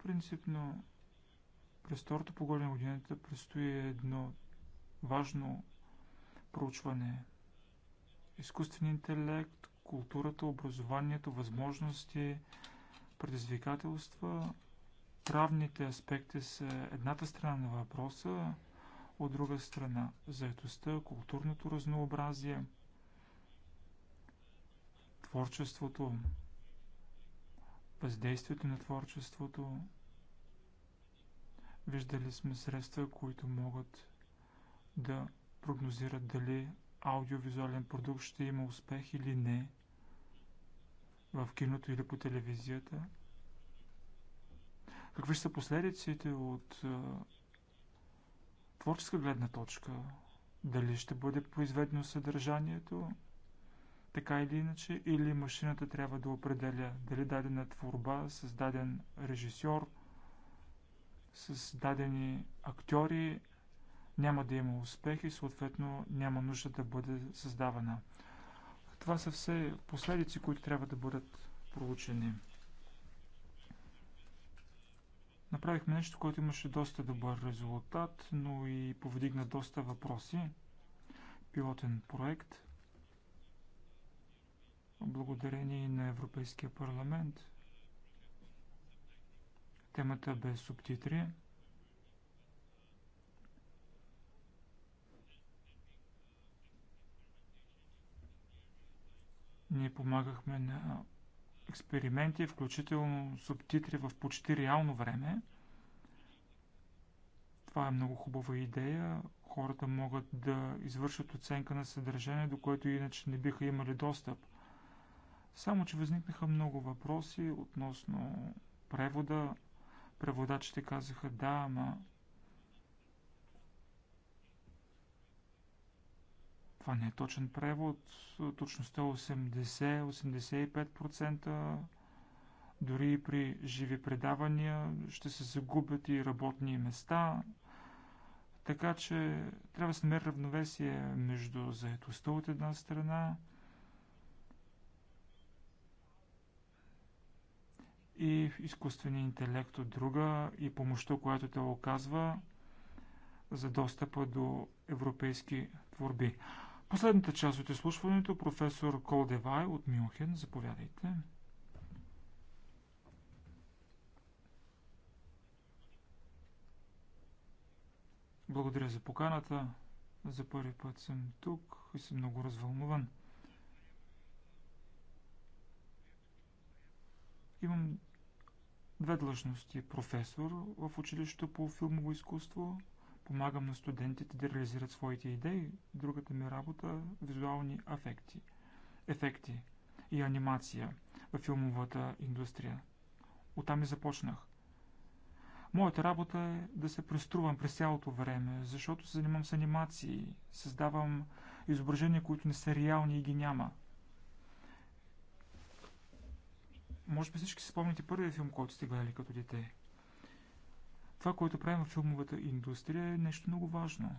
Принципно, през второто поголение на годината предстои едно важно проучване. Изкуствен интелект, културата, образованието, възможности, предизвикателства. Правните аспекти са едната страна на въпроса, от друга страна заетостта, културното разнообразие, творчеството, въздействието на творчеството, Виждали сме средства, които могат да прогнозират дали аудиовизуален продукт ще има успех или не в киното или по телевизията. Какви ще са последиците от творческа гледна точка? Дали ще бъде произведено съдържанието, така или иначе, или машината трябва да определя дали дадена творба с даден режисьор, с дадени актьори няма да има успех и съответно няма нужда да бъде създавана. Това са все последици, които трябва да бъдат проучени. Направихме нещо, което имаше доста добър резултат, но и повдигна доста въпроси. Пилотен проект, благодарение на Европейския парламент – темата без субтитри. Ние помагахме на експерименти, включително субтитри в почти реално време. Това е много хубава идея. Хората могат да извършат оценка на съдържание, до което иначе не биха имали достъп. Само, че възникнаха много въпроси относно превода, Преводачите казаха да, ама това не е точен превод, точността е 80-85%, дори и при живи предавания ще се загубят и работни места. Така че трябва да се намери равновесие между заетостта от една страна и изкуствения интелект от друга и помощта, която те оказва за достъпа до европейски творби. Последната част от изслушването професор Колдевай от Мюнхен. Заповядайте. Благодаря за поканата. За първи път съм тук и съм много развълнуван. Имам две длъжности. Професор в училището по филмово изкуство. Помагам на студентите да реализират своите идеи. Другата ми работа – визуални афекти, ефекти и анимация в филмовата индустрия. Оттам и започнах. Моята работа е да се преструвам през цялото време, защото се занимавам с анимации, създавам изображения, които не са реални и ги няма – Може би всички си спомните първия филм, който сте гледали като дете. Това, което правим в филмовата индустрия е нещо много важно.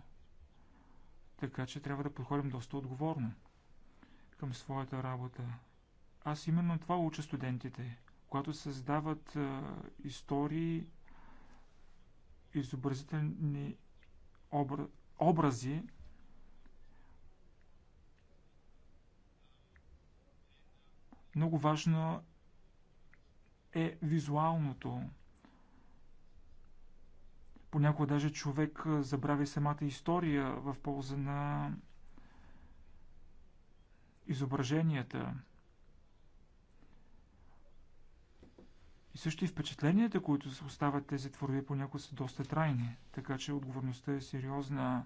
Така че трябва да подходим доста отговорно към своята работа. Аз именно това уча студентите, когато създават а, истории, изобразителни обра... образи, много важно е визуалното. Понякога даже човек забравя самата история в полза на изображенията. И също и впечатленията, които остават тези творби, понякога са доста трайни, така че отговорността е сериозна.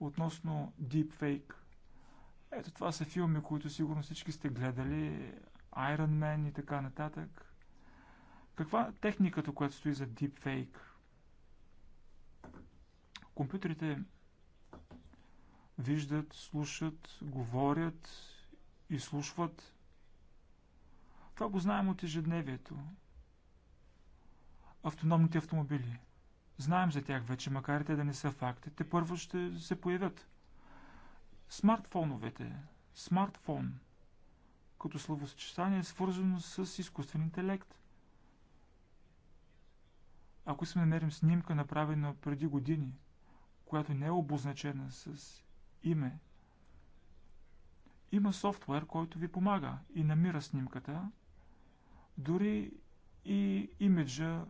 Относно Deepfake, ето това са филми, които сигурно всички сте гледали, Iron Man и така нататък. Каква е техниката, която стои за дипфейк? Компютрите виждат, слушат, говорят, и слушват. Това го знаем от ежедневието. Автономните автомобили. Знаем за тях вече, макар и те да не са факти. Те първо ще се появят. Смартфоновете. Смартфон. Като словосъчетание е свързано с изкуствен интелект – ако сме намерим снимка, направена преди години, която не е обозначена с име, има софтуер, който ви помага и намира снимката, дори и имиджа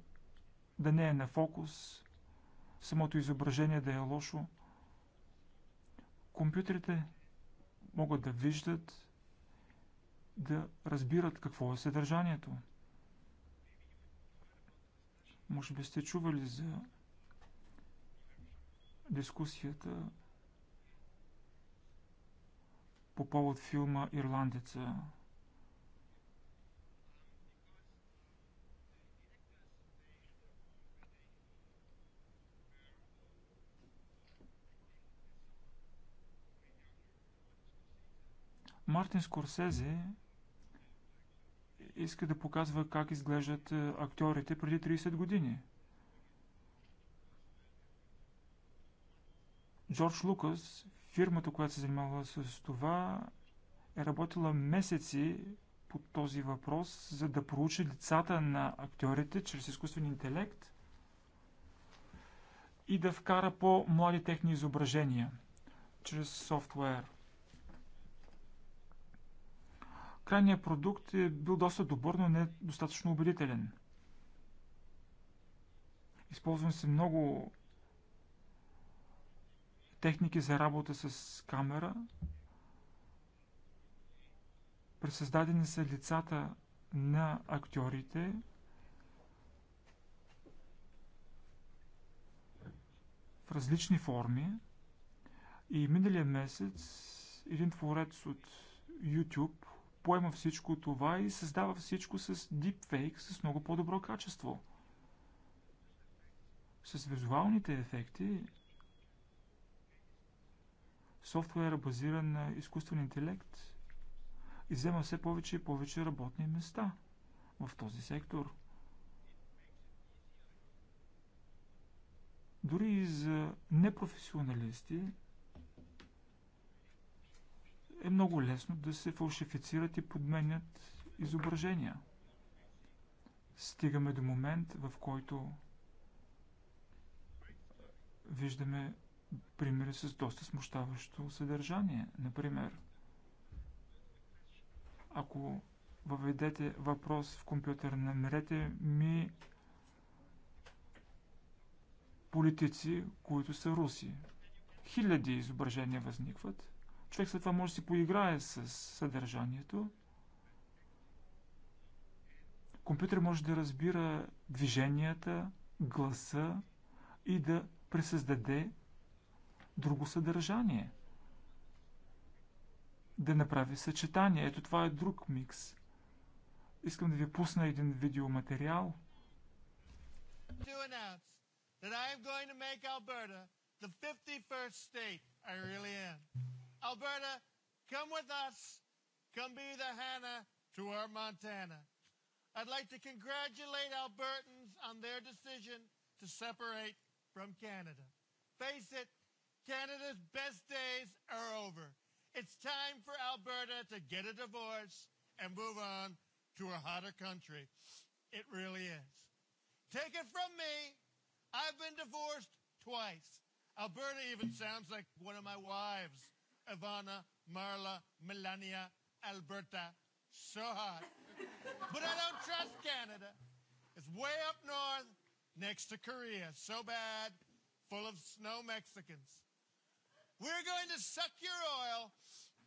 да не е на фокус, самото изображение да е лошо. Компютрите могат да виждат, да разбират какво е съдържанието. Може би сте чували за дискусията по повод филма Ирландеца. Мартин Скорсезе иска да показва как изглеждат е, актьорите преди 30 години. Джордж Лукас, фирмата, която се занимава с това, е работила месеци по този въпрос, за да проучи лицата на актьорите чрез изкуствен интелект и да вкара по-млади техни изображения чрез софтуер – крайният продукт е бил доста добър, но не е достатъчно убедителен. Използвам се много техники за работа с камера. Пресъздадени са лицата на актьорите. в различни форми. И миналия месец един творец от YouTube поема всичко това и създава всичко с дипфейк с много по-добро качество. С визуалните ефекти софтуер е базиран на изкуствен интелект иззема все повече и повече работни места в този сектор. Дори и за непрофесионалисти е много лесно да се фалшифицират и подменят изображения. Стигаме до момент, в който виждаме примери с доста смущаващо съдържание. Например, ако въведете въпрос в компютър, намерете ми политици, които са руси. Хиляди изображения възникват. Човек след това може да си поиграе с съдържанието. Компютър може да разбира движенията, гласа и да пресъздаде друго съдържание. Да направи съчетание. Ето това е друг микс. Искам да ви пусна един видеоматериал. that I am going to make Alberta the 51st state I really am. Alberta, come with us. Come be the Hannah to our Montana. I'd like to congratulate Albertans on their decision to separate from Canada. Face it, Canada's best days are over. It's time for Alberta to get a divorce and move on to a hotter country. It really is. Take it from me, I've been divorced twice. Alberta even sounds like one of my wives. Ivana, Marla, Melania, Alberta. So hot. but I don't trust Canada. It's way up north next to Korea. So bad, full of snow Mexicans. We're going to suck your oil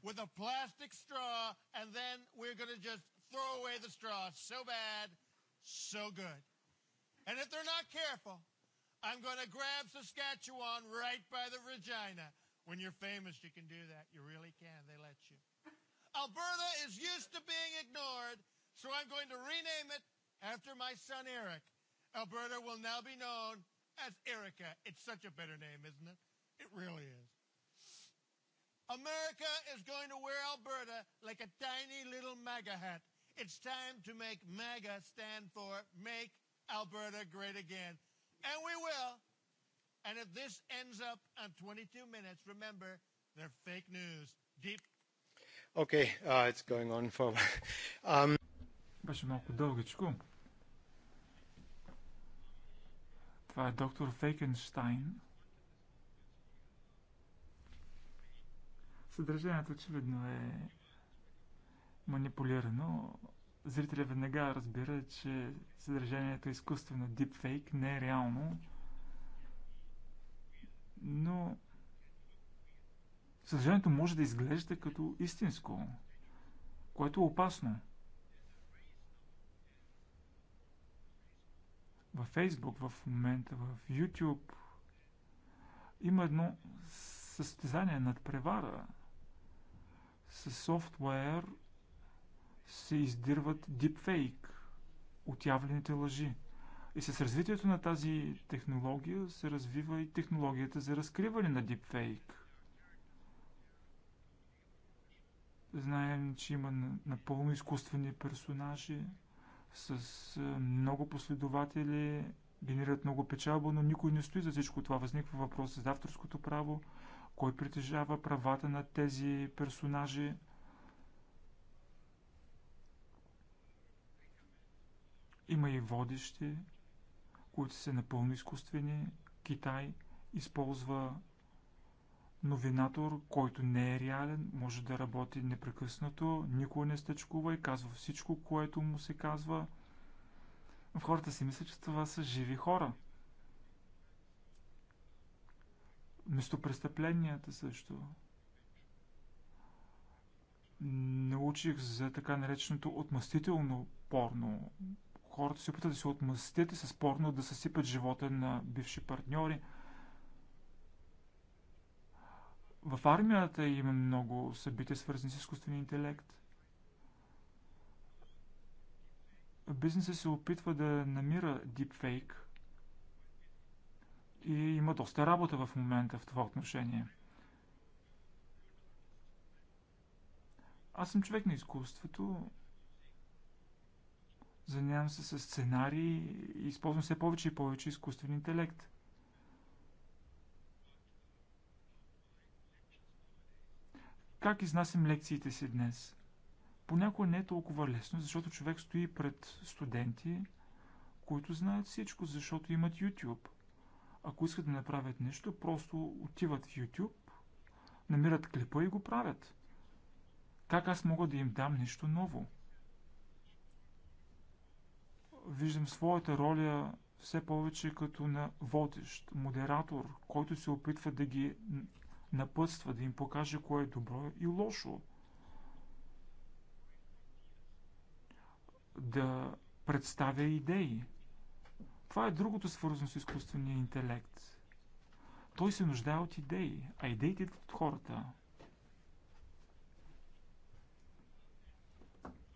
with a plastic straw, and then we're going to just throw away the straw. So bad, so good. And if they're not careful, I'm going to grab Saskatchewan right by the Regina When you're famous, you can do that. You really can. They let you. Alberta is used to being ignored, so I'm going to rename it after my son Eric. Alberta will now be known as Erica. It's such a better name, isn't it? It really is. America is going to wear Alberta like a tiny little MAGA hat. It's time to make MAGA stand for Make Alberta Great Again. And we will. And if this ends up on 22 minutes, remember, they're fake news. Deep. Okay, uh, it's going on for... um... Беше малко дългичко. Това е доктор Фейкенштайн. Съдържанието очевидно е манипулирано. Зрителя веднага разбира, че съдържанието е изкуствено дипфейк, не е реално но съдържанието може да изглежда като истинско, което е опасно. Във Фейсбук, в момента, в YouTube има едно състезание над превара. С софтуер се издирват дипфейк, отявлените лъжи – и с развитието на тази технология се развива и технологията за разкриване на дипфейк. Знаем, че има напълно изкуствени персонажи с много последователи, генерират много печалба, но никой не стои за всичко това. Възниква въпрос за авторското право, кой притежава правата на тези персонажи. Има и водещи, които са напълно изкуствени. Китай използва новинатор, който не е реален, може да работи непрекъснато, никой не стъчкува и казва всичко, което му се казва. Хората си мислят, че това са живи хора. Местопрестъпленията също. Научих за така нареченото отмъстително порно, хората се опитват да се отмъстят и са спорно да съсипят живота на бивши партньори. В армията има много събития, свързани с изкуствения интелект. Бизнесът се опитва да намира дипфейк и има доста работа в момента в това отношение. Аз съм човек на изкуството Занимавам се с сценарии и използвам все повече и повече изкуствен интелект. Как изнасям лекциите си днес? Понякога не е толкова лесно, защото човек стои пред студенти, които знаят всичко, защото имат YouTube. Ако искат да направят нещо, просто отиват в YouTube, намират клипа и го правят. Как аз мога да им дам нещо ново? виждам своята роля все повече като на водещ, модератор, който се опитва да ги напътства, да им покаже кое е добро и лошо. Да представя идеи. Това е другото свързано с изкуствения интелект. Той се нуждае от идеи, а идеите идват от хората.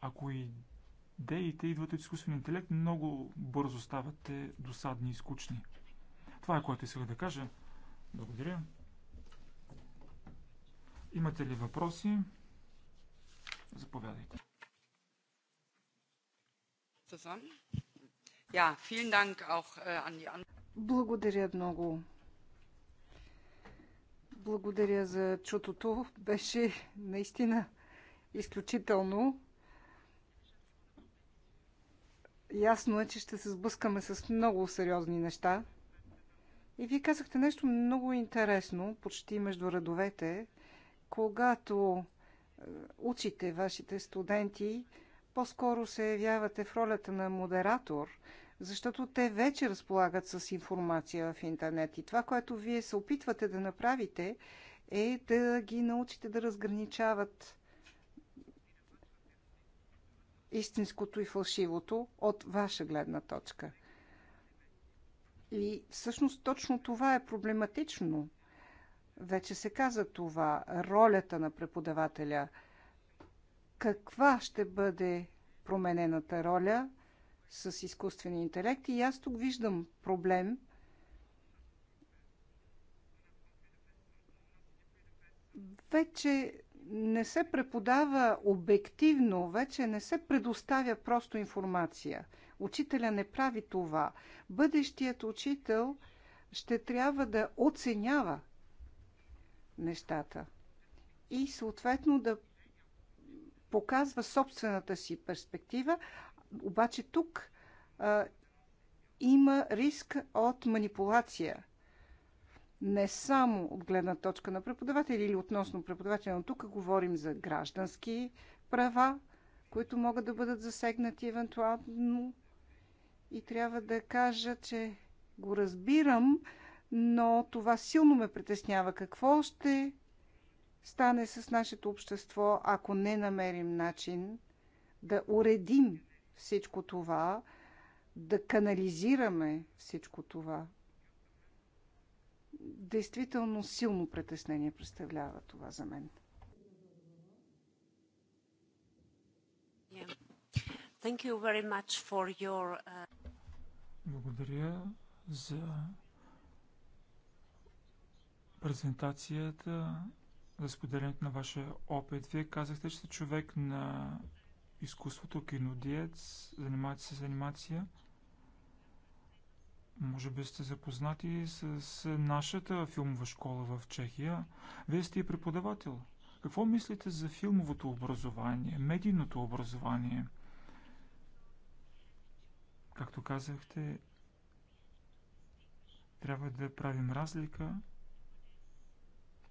Ако и идеите идват от изкуствен интелект, много бързо стават те досадни и скучни. Това е което исках да кажа. Благодаря. Имате ли въпроси? Заповядайте. Äh, Благодаря много. Благодаря за чутото. Беше наистина изключително. Ясно е, че ще се сблъскаме с много сериозни неща. И вие казахте нещо много интересно, почти между редовете, когато е, учите вашите студенти, по-скоро се явявате в ролята на модератор, защото те вече разполагат с информация в интернет. И това, което вие се опитвате да направите, е да ги научите да разграничават истинското и фалшивото от ваша гледна точка. И всъщност точно това е проблематично. Вече се каза това, ролята на преподавателя. Каква ще бъде променената роля с изкуствения интелект? И аз тук виждам проблем. Вече не се преподава обективно, вече не се предоставя просто информация. Учителя не прави това. Бъдещият учител ще трябва да оценява нещата и съответно да показва собствената си перспектива, обаче тук а, има риск от манипулация – не само от гледна точка на преподаватели или относно преподавателя, но тук говорим за граждански права, които могат да бъдат засегнати евентуално. И трябва да кажа, че го разбирам, но това силно ме притеснява. Какво ще стане с нашето общество, ако не намерим начин да уредим всичко това, да канализираме всичко това? Действително силно притеснение представлява това за мен. Your... Uh, Благодаря за презентацията, за споделянето на вашия опит. Вие казахте, че сте човек на изкуството, кинодиец, занимавате се с анимация. Може би сте запознати с нашата филмова школа в Чехия. Вие сте и преподавател. Какво мислите за филмовото образование, медийното образование? Както казахте, трябва да правим разлика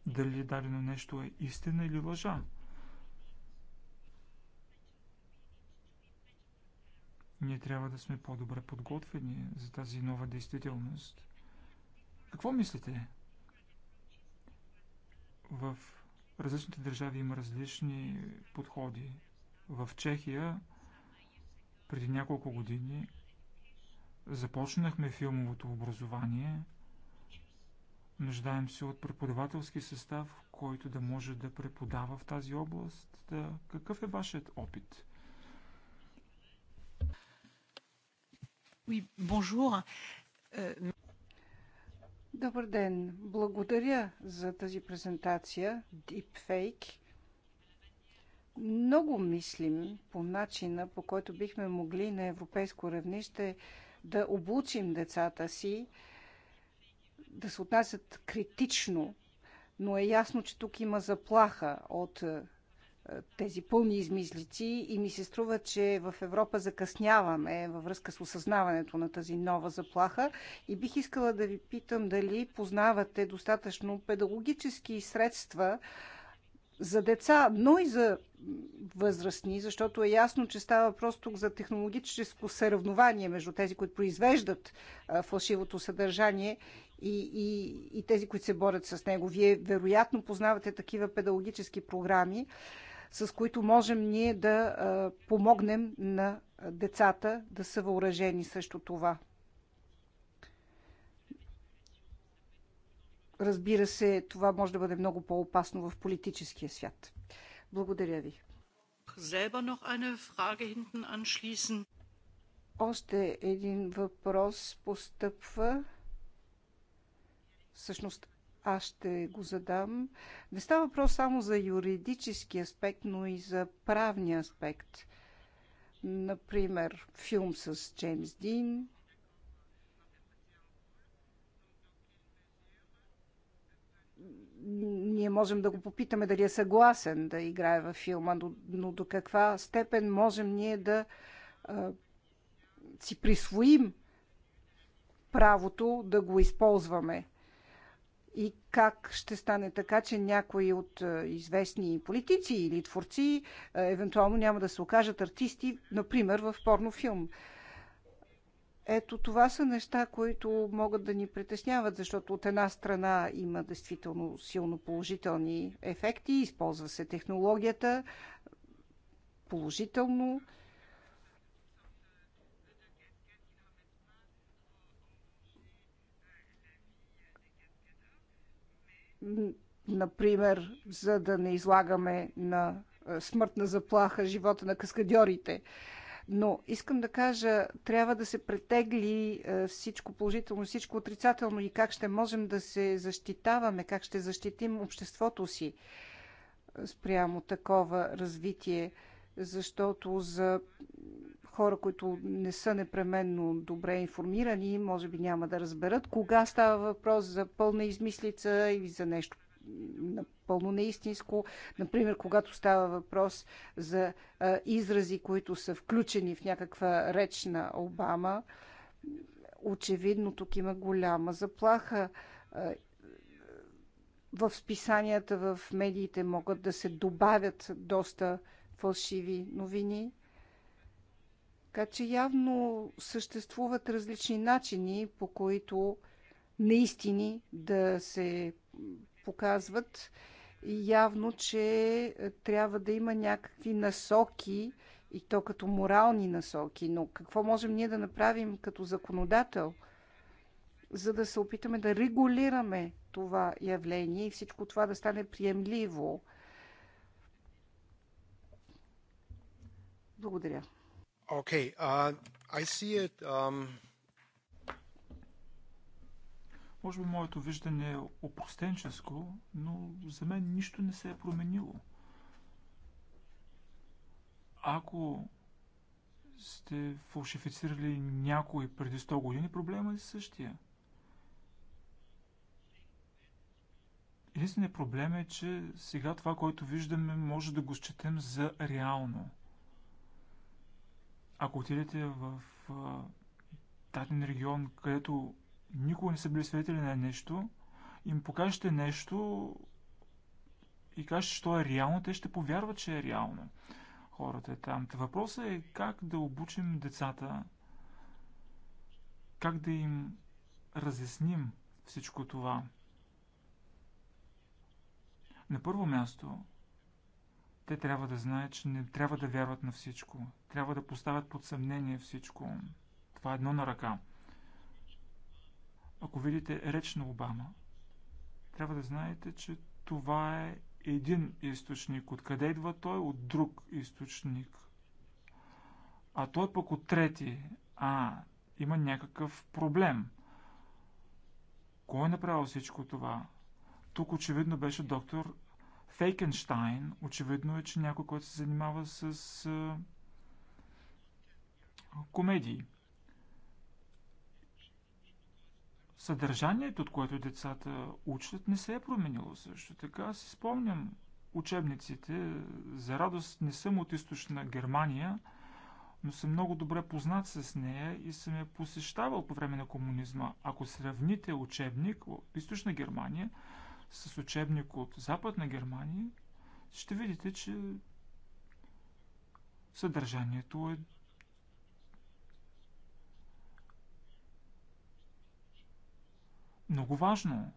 дали е дадено нещо е истина или лъжа. Ние трябва да сме по-добре подготвени за тази нова действителност. Какво мислите? В различните държави има различни подходи. В Чехия преди няколко години започнахме филмовото образование. Нуждаем се от преподавателски състав, който да може да преподава в тази област. Да, какъв е вашият опит? Oui, bonjour. Euh, Добър ден! Благодаря за тази презентация Deepfake. Много мислим по начина, по който бихме могли на европейско равнище да обучим децата си да се отнасят критично, но е ясно, че тук има заплаха от тези пълни измислици и ми се струва, че в Европа закъсняваме във връзка с осъзнаването на тази нова заплаха и бих искала да ви питам дали познавате достатъчно педагогически средства за деца, но и за възрастни, защото е ясно, че става въпрос тук за технологическо съревнование между тези, които произвеждат фалшивото съдържание и, и, и тези, които се борят с него. Вие вероятно познавате такива педагогически програми с които можем ние да помогнем на децата да са въоръжени срещу това. Разбира се, това може да бъде много по-опасно в политическия свят. Благодаря ви. Още един въпрос постъпва. Всъщност аз ще го задам. Не става въпрос само за юридически аспект, но и за правния аспект. Например, филм с Джеймс Дин. Ние можем да го попитаме дали е съгласен да играе във филма, но, но до каква степен можем ние да а, си присвоим правото да го използваме и как ще стане така, че някои от е, известни политици или творци е, евентуално няма да се окажат артисти, например в порнофилм. Ето това са неща, които могат да ни притесняват, защото от една страна има действително силно положителни ефекти, използва се технологията положително, например, за да не излагаме на смъртна заплаха живота на каскадьорите. Но искам да кажа, трябва да се претегли всичко положително, всичко отрицателно и как ще можем да се защитаваме, как ще защитим обществото си спрямо такова развитие, защото за хора, които не са непременно добре информирани, може би няма да разберат кога става въпрос за пълна измислица или за нещо напълно неистинско. Например, когато става въпрос за а, изрази, които са включени в някаква реч на Обама, очевидно тук има голяма заплаха. В списанията, в медиите могат да се добавят доста фалшиви новини. Така че явно съществуват различни начини, по които наистини да се показват. И явно, че е, трябва да има някакви насоки, и то като морални насоки. Но какво можем ние да направим като законодател, за да се опитаме да регулираме това явление и всичко това да стане приемливо? Благодаря. Okay, uh, I see it. Um... Може би моето виждане е опростенческо, но за мен нищо не се е променило. Ако сте фалшифицирали някой преди 100 години, проблема е същия. Единственият проблем е, че сега това, което виждаме, може да го счетем за реално – ако отидете в а, даден регион, където никога не са били свидетели на нещо, им покажете нещо и кажете, що е реално, те ще повярват, че е реално хората е там. Въпросът е как да обучим децата, как да им разясним всичко това. На първо място, те трябва да знаят, че не трябва да вярват на всичко. Трябва да поставят под съмнение всичко. Това е едно на ръка. Ако видите реч на Обама, трябва да знаете, че това е един източник. Откъде идва той? От друг източник. А той пък от трети. А, има някакъв проблем. Кой е направил всичко това? Тук очевидно беше доктор Фейкенштайн, очевидно е, че някой, който се занимава с а, комедии. Съдържанието, от което децата учат, не се е променило също. Така си спомням учебниците. За радост не съм от източна Германия, но съм много добре познат с нея и съм я посещавал по време на комунизма. Ако сравните учебник в източна Германия с учебник от Западна Германия, ще видите, че съдържанието е много важно.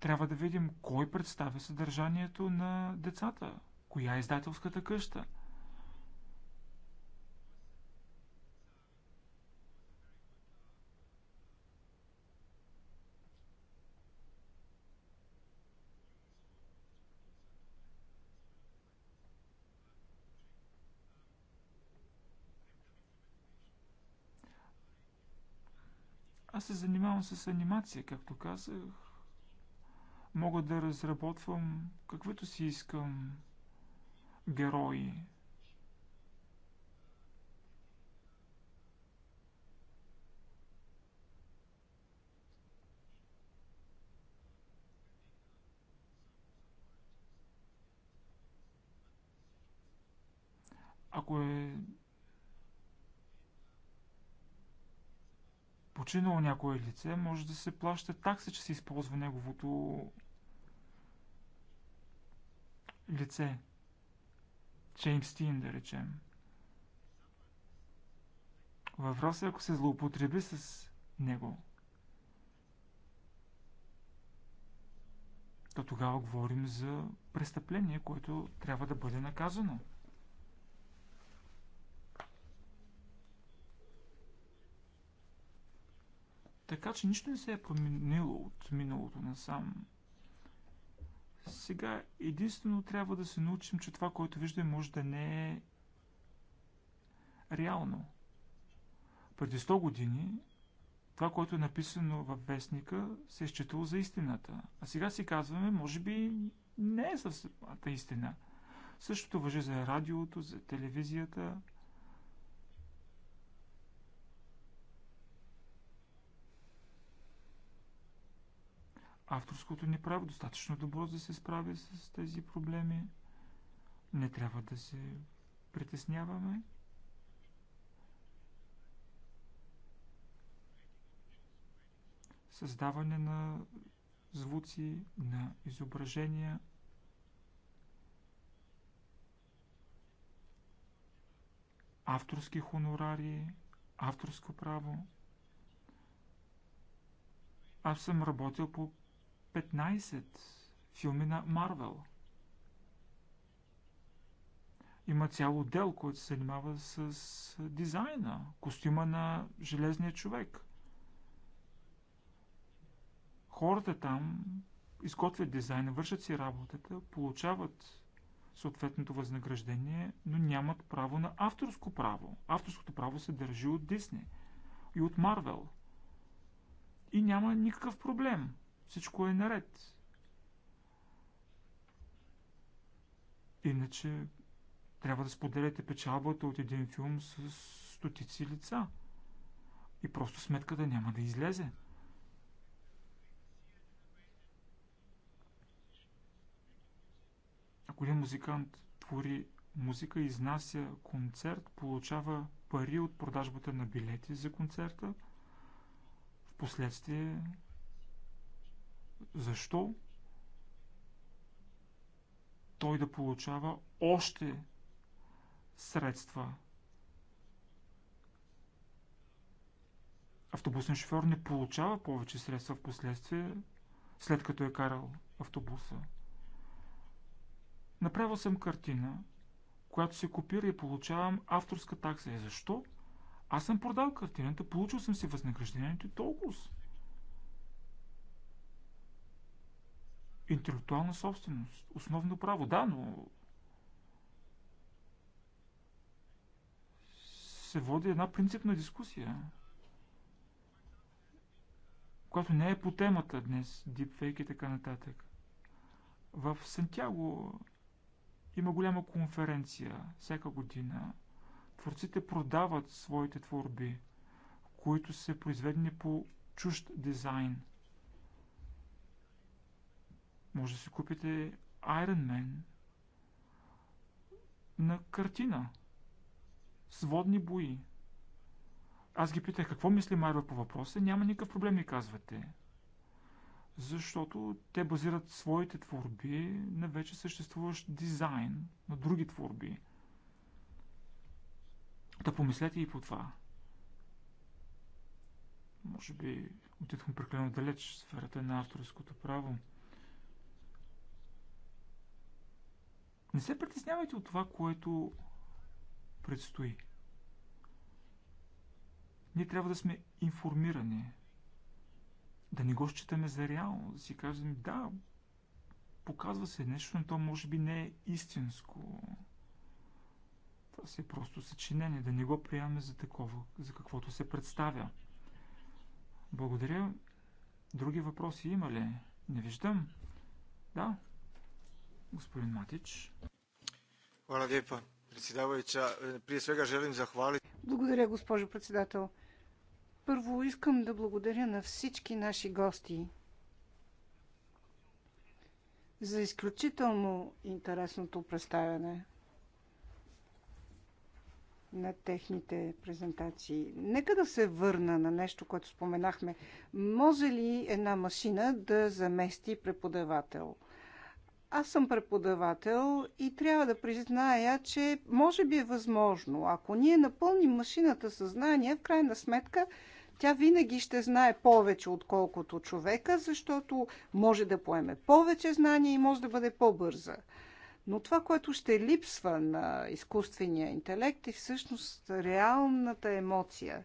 Трябва да видим кой представя съдържанието на децата, коя е издателската къща – се занимавам с анимация, както казах. Мога да разработвам каквито си искам герои. Ако е починало някое лице, може да се плаща такса, че се използва неговото лице. Джеймс Тин, да речем. Въпросът е, ако се злоупотреби с него. То тогава говорим за престъпление, което трябва да бъде наказано. Така че нищо не се е променило от миналото насам. Сега единствено трябва да се научим, че това, което виждаме, може да не е реално. Преди 100 години това, което е написано във вестника, се е считало за истината. А сега си казваме, може би не е съвсем истина. Същото въжи за радиото, за телевизията – авторското ни право достатъчно добро за да се справи с тези проблеми. Не трябва да се притесняваме. Създаване на звуци, на изображения. Авторски хонорари, авторско право. Аз съм работил по 15 филми на Марвел. Има цял отдел, който се занимава с дизайна, костюма на Железния човек. Хората там изготвят дизайна, вършат си работата, получават съответното възнаграждение, но нямат право на авторско право. Авторското право се държи от Дисни и от Марвел. И няма никакъв проблем всичко е наред. Иначе трябва да споделяте печалбата от един филм с стотици лица. И просто сметката няма да излезе. Ако един музикант твори музика, изнася концерт, получава пари от продажбата на билети за концерта, в последствие защо той да получава още средства? Автобусен шофьор не получава повече средства в последствие, след като е карал автобуса. Направил съм картина, която се копира и получавам авторска такса. И е, защо? Аз съм продал картината, получил съм си възнаграждението и толкова. Интелектуална собственост. Основно право, да, но се води една принципна дискусия, която не е по темата днес, дипфейк и така нататък. В Сантяго има голяма конференция всяка година. Творците продават своите творби, които са произведени по чужд дизайн – може да си купите Iron Man на картина с водни бои. Аз ги питах какво мисли Марвел по въпроса. Няма никакъв проблем, ми казвате. Защото те базират своите творби на вече съществуващ дизайн на други творби. Да помислете и по това. Може би отидохме прекалено далеч в сферата на авторското право. Не се притеснявайте от това, което предстои. Ние трябва да сме информирани. Да не го считаме за реално. Да си кажем, да, показва се нещо, но то може би не е истинско. Това си е просто съчинение. Да не го приемаме за такова, за каквото се представя. Благодаря. Други въпроси има ли? Не виждам. Да. Господин Матич. Hvala lijepa, predsjedavajuća. Prije svega želim zahvaliti. Благодаря, госпожо председател. Първо искам да благодаря на всички наши гости за изключително интересното представяне на техните презентации. Нека да се върна на нещо, което споменахме. Може ли една машина да замести преподавател – аз съм преподавател и трябва да призная, че може би е възможно. Ако ние напълним машината съзнание, в крайна сметка тя винаги ще знае повече, отколкото човека, защото може да поеме повече знания и може да бъде по-бърза. Но това, което ще липсва на изкуствения интелект е всъщност реалната емоция.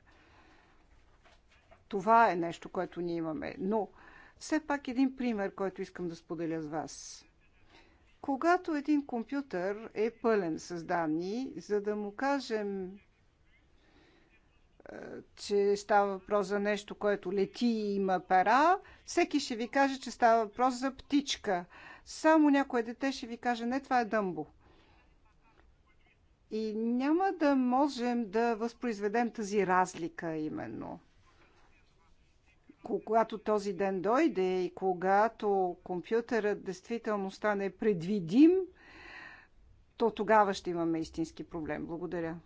Това е нещо, което ние имаме. Но все пак един пример, който искам да споделя с вас. Когато един компютър е пълен с данни, за да му кажем, че става въпрос за нещо, което лети и има пера, всеки ще ви каже, че става въпрос за птичка. Само някое дете ще ви каже, не, това е дъмбо. И няма да можем да възпроизведем тази разлика именно – когато този ден дойде и когато компютърът действително стане предвидим, то тогава ще имаме истински проблем. Благодаря.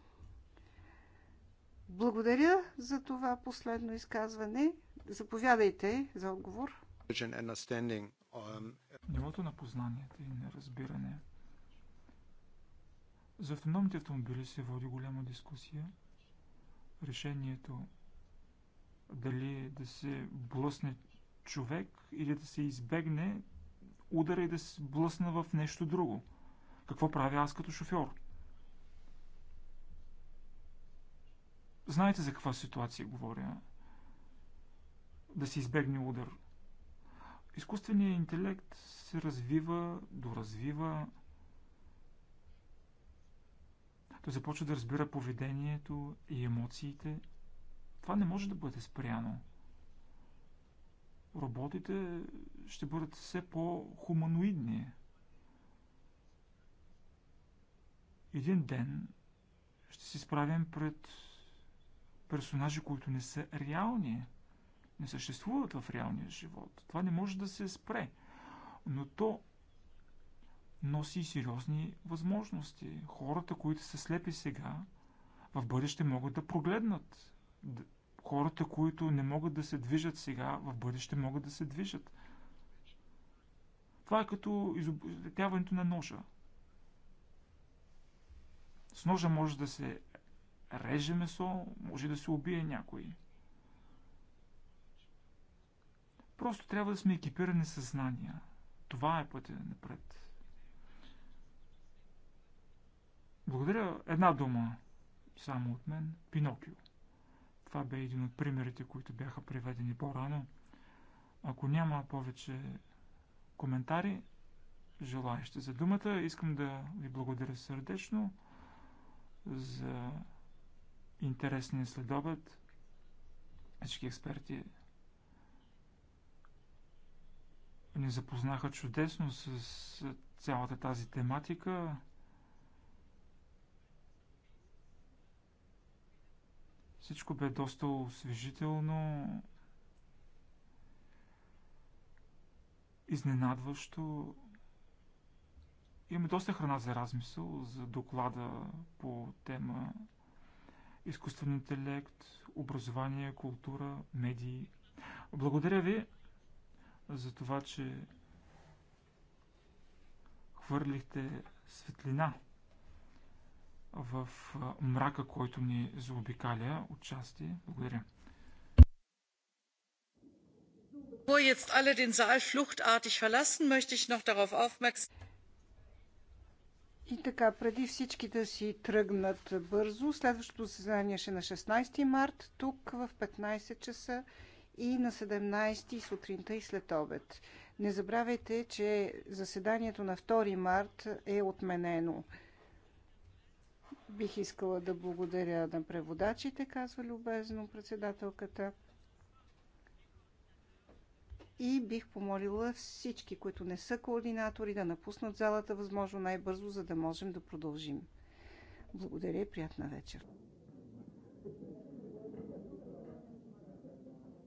Благодаря за това последно изказване. Заповядайте за отговор. Нивото на познанието и на разбиране. За автономните автомобили се води голяма дискусия. Решението дали да се блъсне човек или да се избегне удара и да се блъсна в нещо друго. Какво правя аз като шофьор? Знаете за каква ситуация говоря? Да се избегне удар. Изкуственият интелект се развива, доразвива. Той започва да разбира поведението и емоциите. Това не може да бъде спряно. Роботите ще бъдат все по-хуманоидни. Един ден ще се справим пред персонажи, които не са реални, не съществуват в реалния живот. Това не може да се спре. Но то носи сериозни възможности. Хората, които са слепи сега, в бъдеще могат да прогледнат хората, които не могат да се движат сега, в бъдеще могат да се движат. Това е като изобретяването на ножа. С ножа може да се реже месо, може да се убие някой. Просто трябва да сме екипирани със знания. Това е пътя напред. Благодаря. Една дума само от мен. Пинокио. Това бе един от примерите, които бяха приведени по-рано. Ако няма повече коментари, желаящи за думата, искам да ви благодаря сърдечно за интересния следобед. Всички експерти ни запознаха чудесно с цялата тази тематика. Всичко бе доста освежително, изненадващо. Имаме доста храна за размисъл, за доклада по тема изкуствен интелект, образование, култура, медии. Благодаря ви за това, че хвърлихте светлина в мрака, който ни заобикаля отчасти. Благодаря. Bevor jetzt alle den Saal fluchtartig verlassen, möchte ich noch darauf aufmerksam и така, преди всички да си тръгнат бързо, следващото заседание ще е на 16 март, тук в 15 часа и на 17 сутринта и след обед. Не забравяйте, че заседанието на 2 март е отменено. Бих искала да благодаря на преводачите, казва любезно председателката. И бих помолила всички, които не са координатори, да напуснат залата възможно най-бързо, за да можем да продължим. Благодаря и приятна вечер.